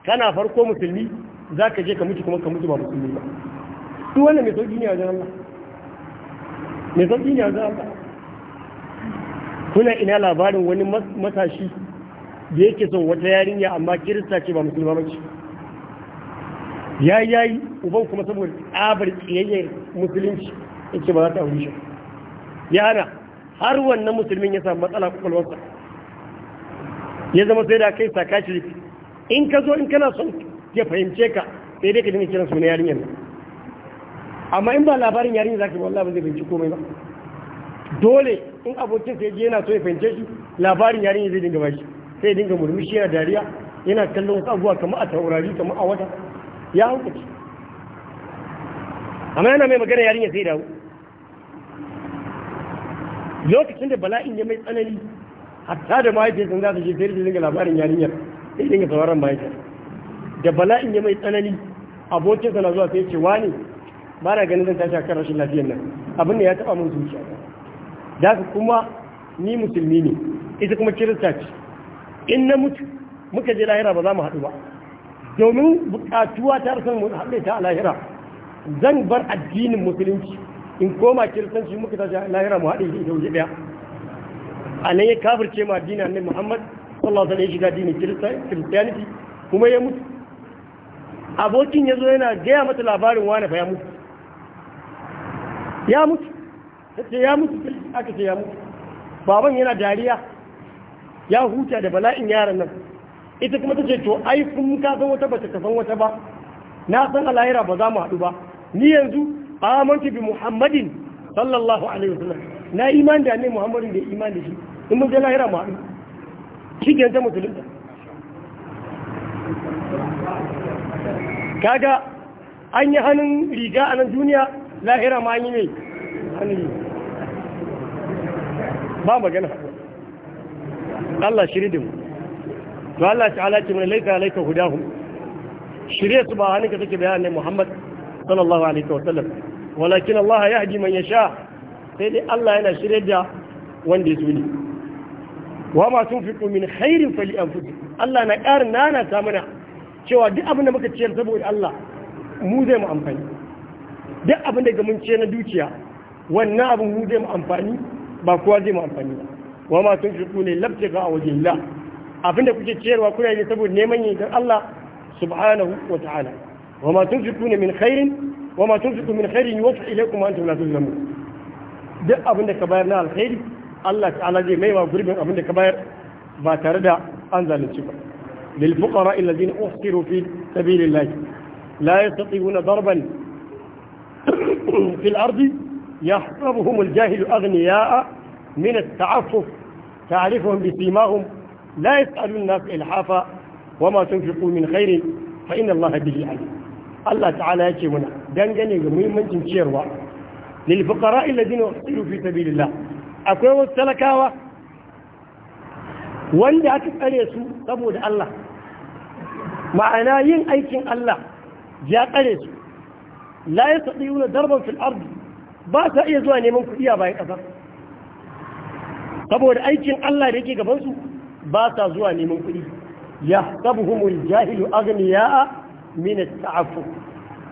kana farko musulmi za ka je ka mutu kuma ka mutu ba musulmi ba su wannan mai sauƙi ne a zan Allah mai sauƙi ne a zan Allah kuna ina labarin wani matashi da yake son wata yarinya amma kirista ce ba musulma ba ce ya yayi uban kuma saboda tsabar tsiyayyar musulunci in ce ba za ta wuri shi ya hana har wannan musulmin ya samu matsala kwakwalwarsa ya zama sai da kai saka shi in ka zo in kana son ya fahimce ka sai dai ka dinga kiran suna yarinyar amma in ba labarin yarinyar zaka wallahi ba zai fahimci komai ba dole in abokin sai je yana so ya fahimce shi labarin yarinyar zai dinga bashi sai dinga murmushi yana dariya yana kallon wasu abubuwa kamar a taurari kamar a wata ya haukace amma yana mai magana yarinya sai dawo lokacin da bala'in ya mai tsanani hatta da mahaifiyar sun za su je sai da dinga labarin yarinyar sai dinga sauraron mahaifiyar da bala'in ya mai tsanani abokin sana zuwa sai ce wani ba na ganin zan tashi a kan rashin lafiyar nan abin da ya taba min zuciya da kuma ni musulmi ne ita kuma kirista ce in na mutu muka je lahira ba za mu haɗu ba domin buƙatuwa ta rasan mu haɗe ta a lahira zan bar addinin musulunci in koma kiristanci muka ta a lahira mu haɗe da waje ɗaya a nan ya kafirce ma dina annabi muhammad sallallahu alaihi shiga addinin kiristiyaniti kuma ya mutu abokin ya zo yana gaya mata labarin wani fa ya mutu ya mutu ya mutu aka ce ya mutu baban yana dariya ya huta da bala'in yaran nan ita kuma ta ce to ai kun ka san wata bata ka san wata ba na san alahira ba za mu haɗu ba ni yanzu amantu bi muhammadin sallallahu alaihi wasallam na iman da ne muhammadin da iman da shi in mun ga lahira mu haɗu shi ke ta musulunta kaga an yi hannun riga a nan duniya lahira ma an yi ne ba magana Allah shiri da mu to Allah ta'ala ce mai laika laika hudahum shirye su ba hannunka take bayan ne Muhammad sallallahu alaihi wa sallam walakin Allah yahdi man yasha sai dai Allah yana shirye da wanda ya so ne wa ma tunfiqu min khairin fali anfusikum Allah na ƙara nana ta mana cewa duk abin da muka ce saboda Allah mu zai mu amfani duk abin da ga mun ce na dukiya wannan abin mu zai mu amfani ba kowa zai mu amfani ba wa ma tun tunfiqu ne labtiga a wajen la abinda kuke ciyarwa kuna yi saboda neman yi don Allah subhanahu wa ta'ala wa ma tunfiqu ne min khairin wa ma tunfiqu min khairin yuwaffi ilaykum wa antum la tuzlamun duk abinda ka bayar na alkhairi Allah ta'ala zai maiwa gurbin abinda ka bayar ba tare da an zalunci ba lil fuqara alladhina uhsiru fi sabilillah la yastati'una darban في الأرض يحسبهم الجاهل أغنياء من التعفف تعرفهم بسيماهم لا يسأل الناس إلحافا وما تنفقوا من خير فإن الله به عليم الله تعالى يكي منا دنجني مهمة تنشيروا للفقراء الذين أحصلوا في سبيل الله أكوين والسلكاوة وان دا أكتر يسو تبود الله معنا ين أيكين الله جاء يسو لا يستطيعون ضربا في الأرض باسا إيزوان يمنكو إيا باين أثر saboda aikin Allah da yake gaban su ba sa zuwa neman kuɗi sabuhum jahilu aghniya min at'af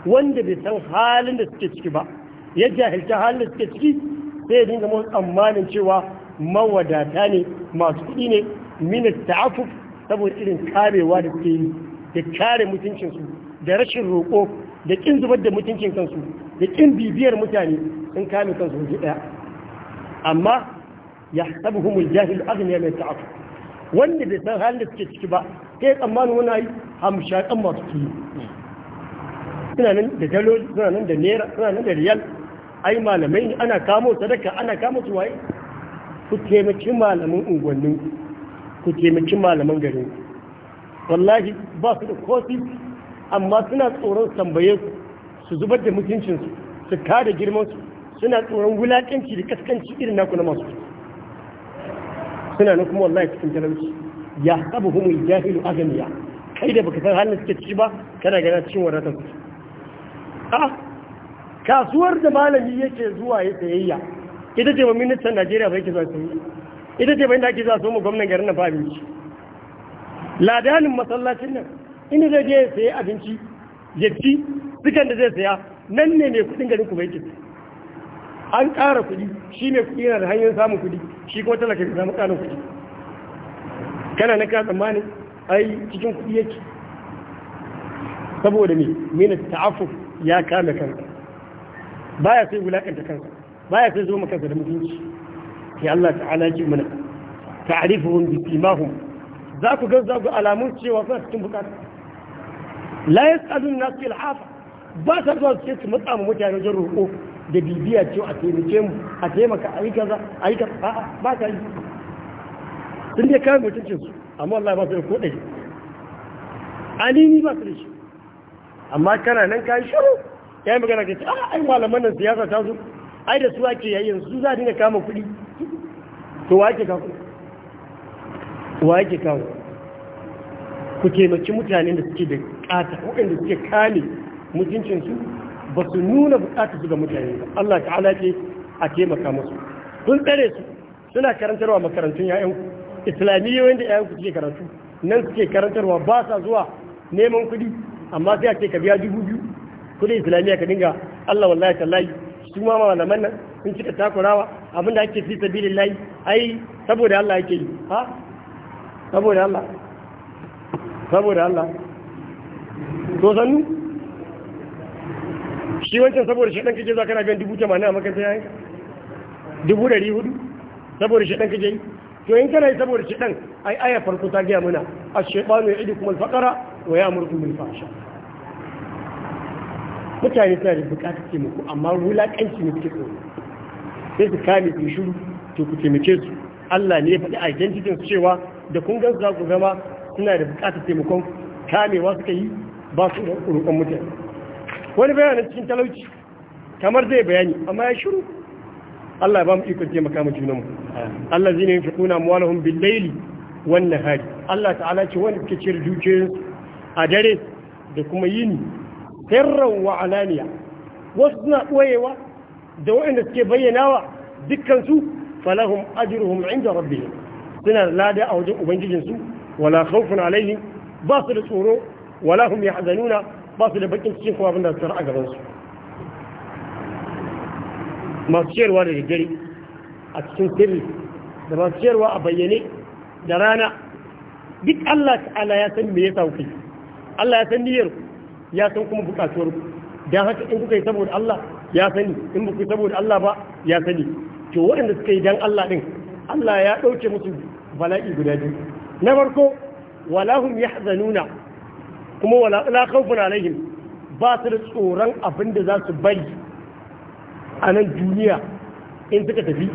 wanda bai san halin da suke ciki ba ya jahilta halin da suke ciki sai dinga mun tsammanin cewa mawadata ne masu kuɗi ne min at'af saboda irin karewa da suke yi da kare mutuncinsu da rashin roƙo da ƙin zubar da mutuncin kansu da ƙin bibiyar mutane sun kame kansu waje ɗaya amma yahsabuhumul jahil aghniya min ta'affuf wanda bai san halin da suke ciki ba kai tsammanin wani ayi hamshakan masu ciki suna nan da daloli suna nan da naira suna nan da riyal ai malamai ne ana kamo sadaka ana kamo su waye ku taimaki malamin unguwannin ku taimaki malaman garin wallahi ba su da kofi amma suna tsoron tambaye su su zubar da mutuncinsu su kada su suna tsoron wulakanci da kaskanci irin naku na masu suna nan kuma wallahi cikin talauci ya sabu humul jahilu agamiya kai da baka san halin suke ciki ba kana gana cikin wadatar su a kasuwar da malami yake zuwa ya sayayya ita ce ba ministan Najeriya ba yake zuwa sayayya ita ce ba inda ake zuwa so mu gwamnan garin nan ba abinci ladanin masallacin nan inda zai je ya sayi abinci ya ci dukan da zai saya nan ne mai kudin garin kuma yake an ƙara kuɗi shi mai kuɗi yana da hanyar samun kuɗi shi ko talaka ka samu ƙarin kuɗi kana na ka tsammanin ai cikin kuɗi yake saboda me mina ta'afu ya kame kansa baya sai wulakanta kansa baya sai zo maka da mutunci Ya Allah ta'ala ki mana ta'rifuhum bi simahum za ku ga zagu alamun cewa suna cikin bukata la yas'alun nas fil hafa ba sa zuwa su ce su mutane wajen roƙo da bibiya ce a taimake mu a taimaka a yi kaza a yi kaza a'a ba ka yi sun dai kayan mutuncin su amma Allah ba su da ko ɗaya alini ba su da shi amma kana nan kayi shiru ya yi magana ka ce a ai malaman nan siyasa ta zo ai da su ake yayi yanzu su za a dinga kama kuɗi to wa ake kawo wa yake kawo ku taimaki mutanen da suke da ƙata waɗanda suke kame su? ba su nuna bukatar su ga mutane ba Allah ta alaƙe a taimaka musu sun tsare su suna karantarwa makarantun ya'yan islamiyyoyin da ya'yan ku suke karantu nan suke karantarwa ba sa zuwa neman kuɗi amma sai a ce ka biya dubu biyu kuɗin islamiyya ka dinga Allah wallahi tallahi su ma malaman nan sun cika takurawa abinda ake fi sabilillahi ai saboda Allah yake yi ha saboda Allah saboda Allah to sanu shi wancan saboda shi shaɗan za ka kana biyan dubu tamanin a makanta yayin yi, dubu ɗari hudu saboda shi kake yi to in kana yi saboda shaɗan ai aya farko ta gaya muna a shaɗanu ya idu kuma alfakara, wa ya amurku mil fasha mutane suna da buƙatar taimako amma wulaƙanci ne kuke tsoro sai su kame su shiru to ku taimake su Allah ne ya faɗi a identitin su cewa da kun gansu za ku zama suna da buƙatar taimakon kamewa suka yi ba su da roƙon mutane wani bayanin cikin talauci kamar zai bayani amma ya shiru Allah ba mu ikon taimaka mu junanmu Allah zai ne yin fiƙuna muwalahun bin laili wannan hari Allah ta'ala ce wani ke cire dukiyoyin a dare da kuma yini sirran wa alaniya wasu suna ɓoyewa da waɗanda suke bayyanawa dukkansu falahum ajruhum inda rabbihim suna lada a wajen ubangijinsu wala khawfun alaihim ba su da tsoro wala hum yahzanuna ba su da bakin cikin kuma abin da su a gabansu masu ciyarwa da daddare a cikin sirri da masu ciyarwa a bayyane da rana duk Allah ta'ala ya san me ya sa Allah ya san niyyar ya san kuma bukatuwar ku dan haka in kuka yi saboda Allah ya sani in ba ku saboda Allah ba ya sani to waɗanda suka yi dan Allah din Allah ya ɗauke musu bala'i guda biyu na farko walahum yahzanuna kuma wala la khawfun alaihim ba su da tsoron abin da za su bari a nan duniya in suka tafi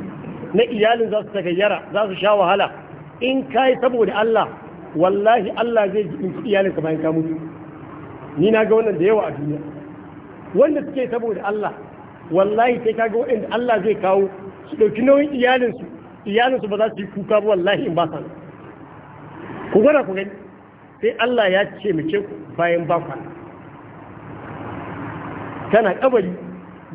na iyalin za su tagayyara za su sha wahala in kai saboda Allah wallahi Allah zai ji in iyalin ka bayan ka mutu ni na ga wannan da yawa a duniya wanda suke saboda Allah wallahi sai kaga waɗanda Allah zai kawo su ɗauki nauyin iyalinsu su ba za su yi kuka ba wallahi in ba sa ku gwada ku gani sai Allah ya ce mace bayan bakwa tana kabari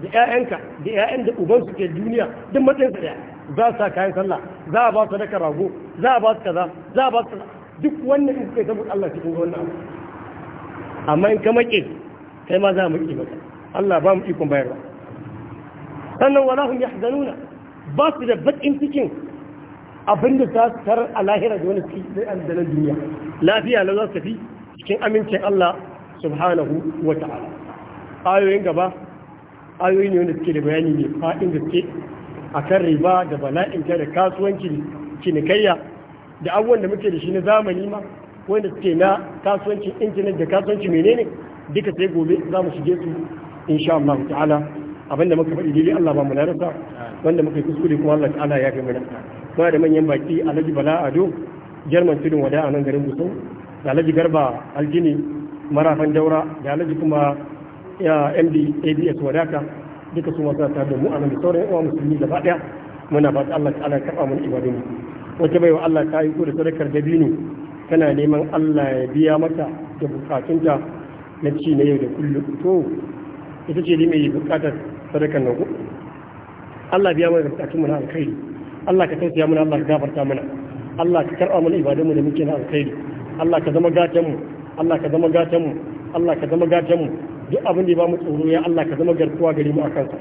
da 'ya'yanka da 'ya'yan da su ke duniya duk matsayinsa ɗaya za su sa kayan sallah za a ba su da rago za a ba su kaza za a ba su duk wannan in suke yi saboda Allah cikin wannan abu amma in ka maƙe kai ma za mu ƙi maka Allah ba mu ikon bayarwa sannan wala hum yahzanuna ba su da bakin cikin abinda za su tar a lahira da wani da duniya lafiya na za su tafi cikin amincin Allah subhanahu wa ta'ala ayoyin gaba ayoyi ne wanda suke da bayani ne fa'in da suke a kan riba da bala'in ta da kasuwanci cinikayya da abubuwan da muke da shi na zamani ma wanda suke na kasuwancin intanet da kasuwanci menene duka sai gobe za mu shige su insha Allah ta'ala abinda muka faɗi dai Allah ba mu rasa wanda muka kuskure kuma Allah ta'ala ya kai rasa muna da manyan baki Alhaji Bala Ado German Tudun Wada a nan garin Gusau da Alhaji Garba Aljini Marafan Daura da Alhaji kuma MD ABS Wadaka duka su masu ta da mu a nan da sauran uwa musulmi gaba ɗaya muna ba Allah ta'ala karɓa ibadun mu wata baiwa Allah ta yi da sadakar bini tana neman Allah ya biya mata da bukatunta na ci na yau da kullum to ita ce ne mai bukatar sadakan nan ko Allah biya mana bukatun mu na alkhairi Allah ka tausaya mana Allah ka gafarta mana Allah ka karba mana ibadun mu da muke na alkhairi Allah ka zama gatan mu Allah ka zama gatan mu Allah ka zama gatan mu duk abin da ya ba mu tsoro ya Allah ka zama garkuwa gare mu akan sa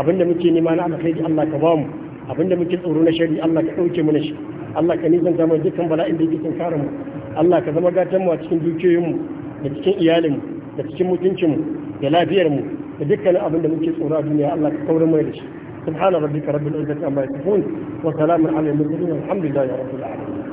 abin da muke nema na alkhairi Allah ka ba mu abin da muke tsoro na shari Allah ka dauke mana shi Allah ka nisan mu dukkan bala'in da yake kan kare mu Allah ka zama gatan mu a cikin dukiyoyin mu da cikin iyalin mu da cikin mutuncin mu da lafiyar mu da dukkanin abin da muke tsoro a duniya Allah ka kaurin mai da shi subhana rabbika rabbil izzati amma yasifun wa salamun alal mursalin walhamdulillahi rabbil alamin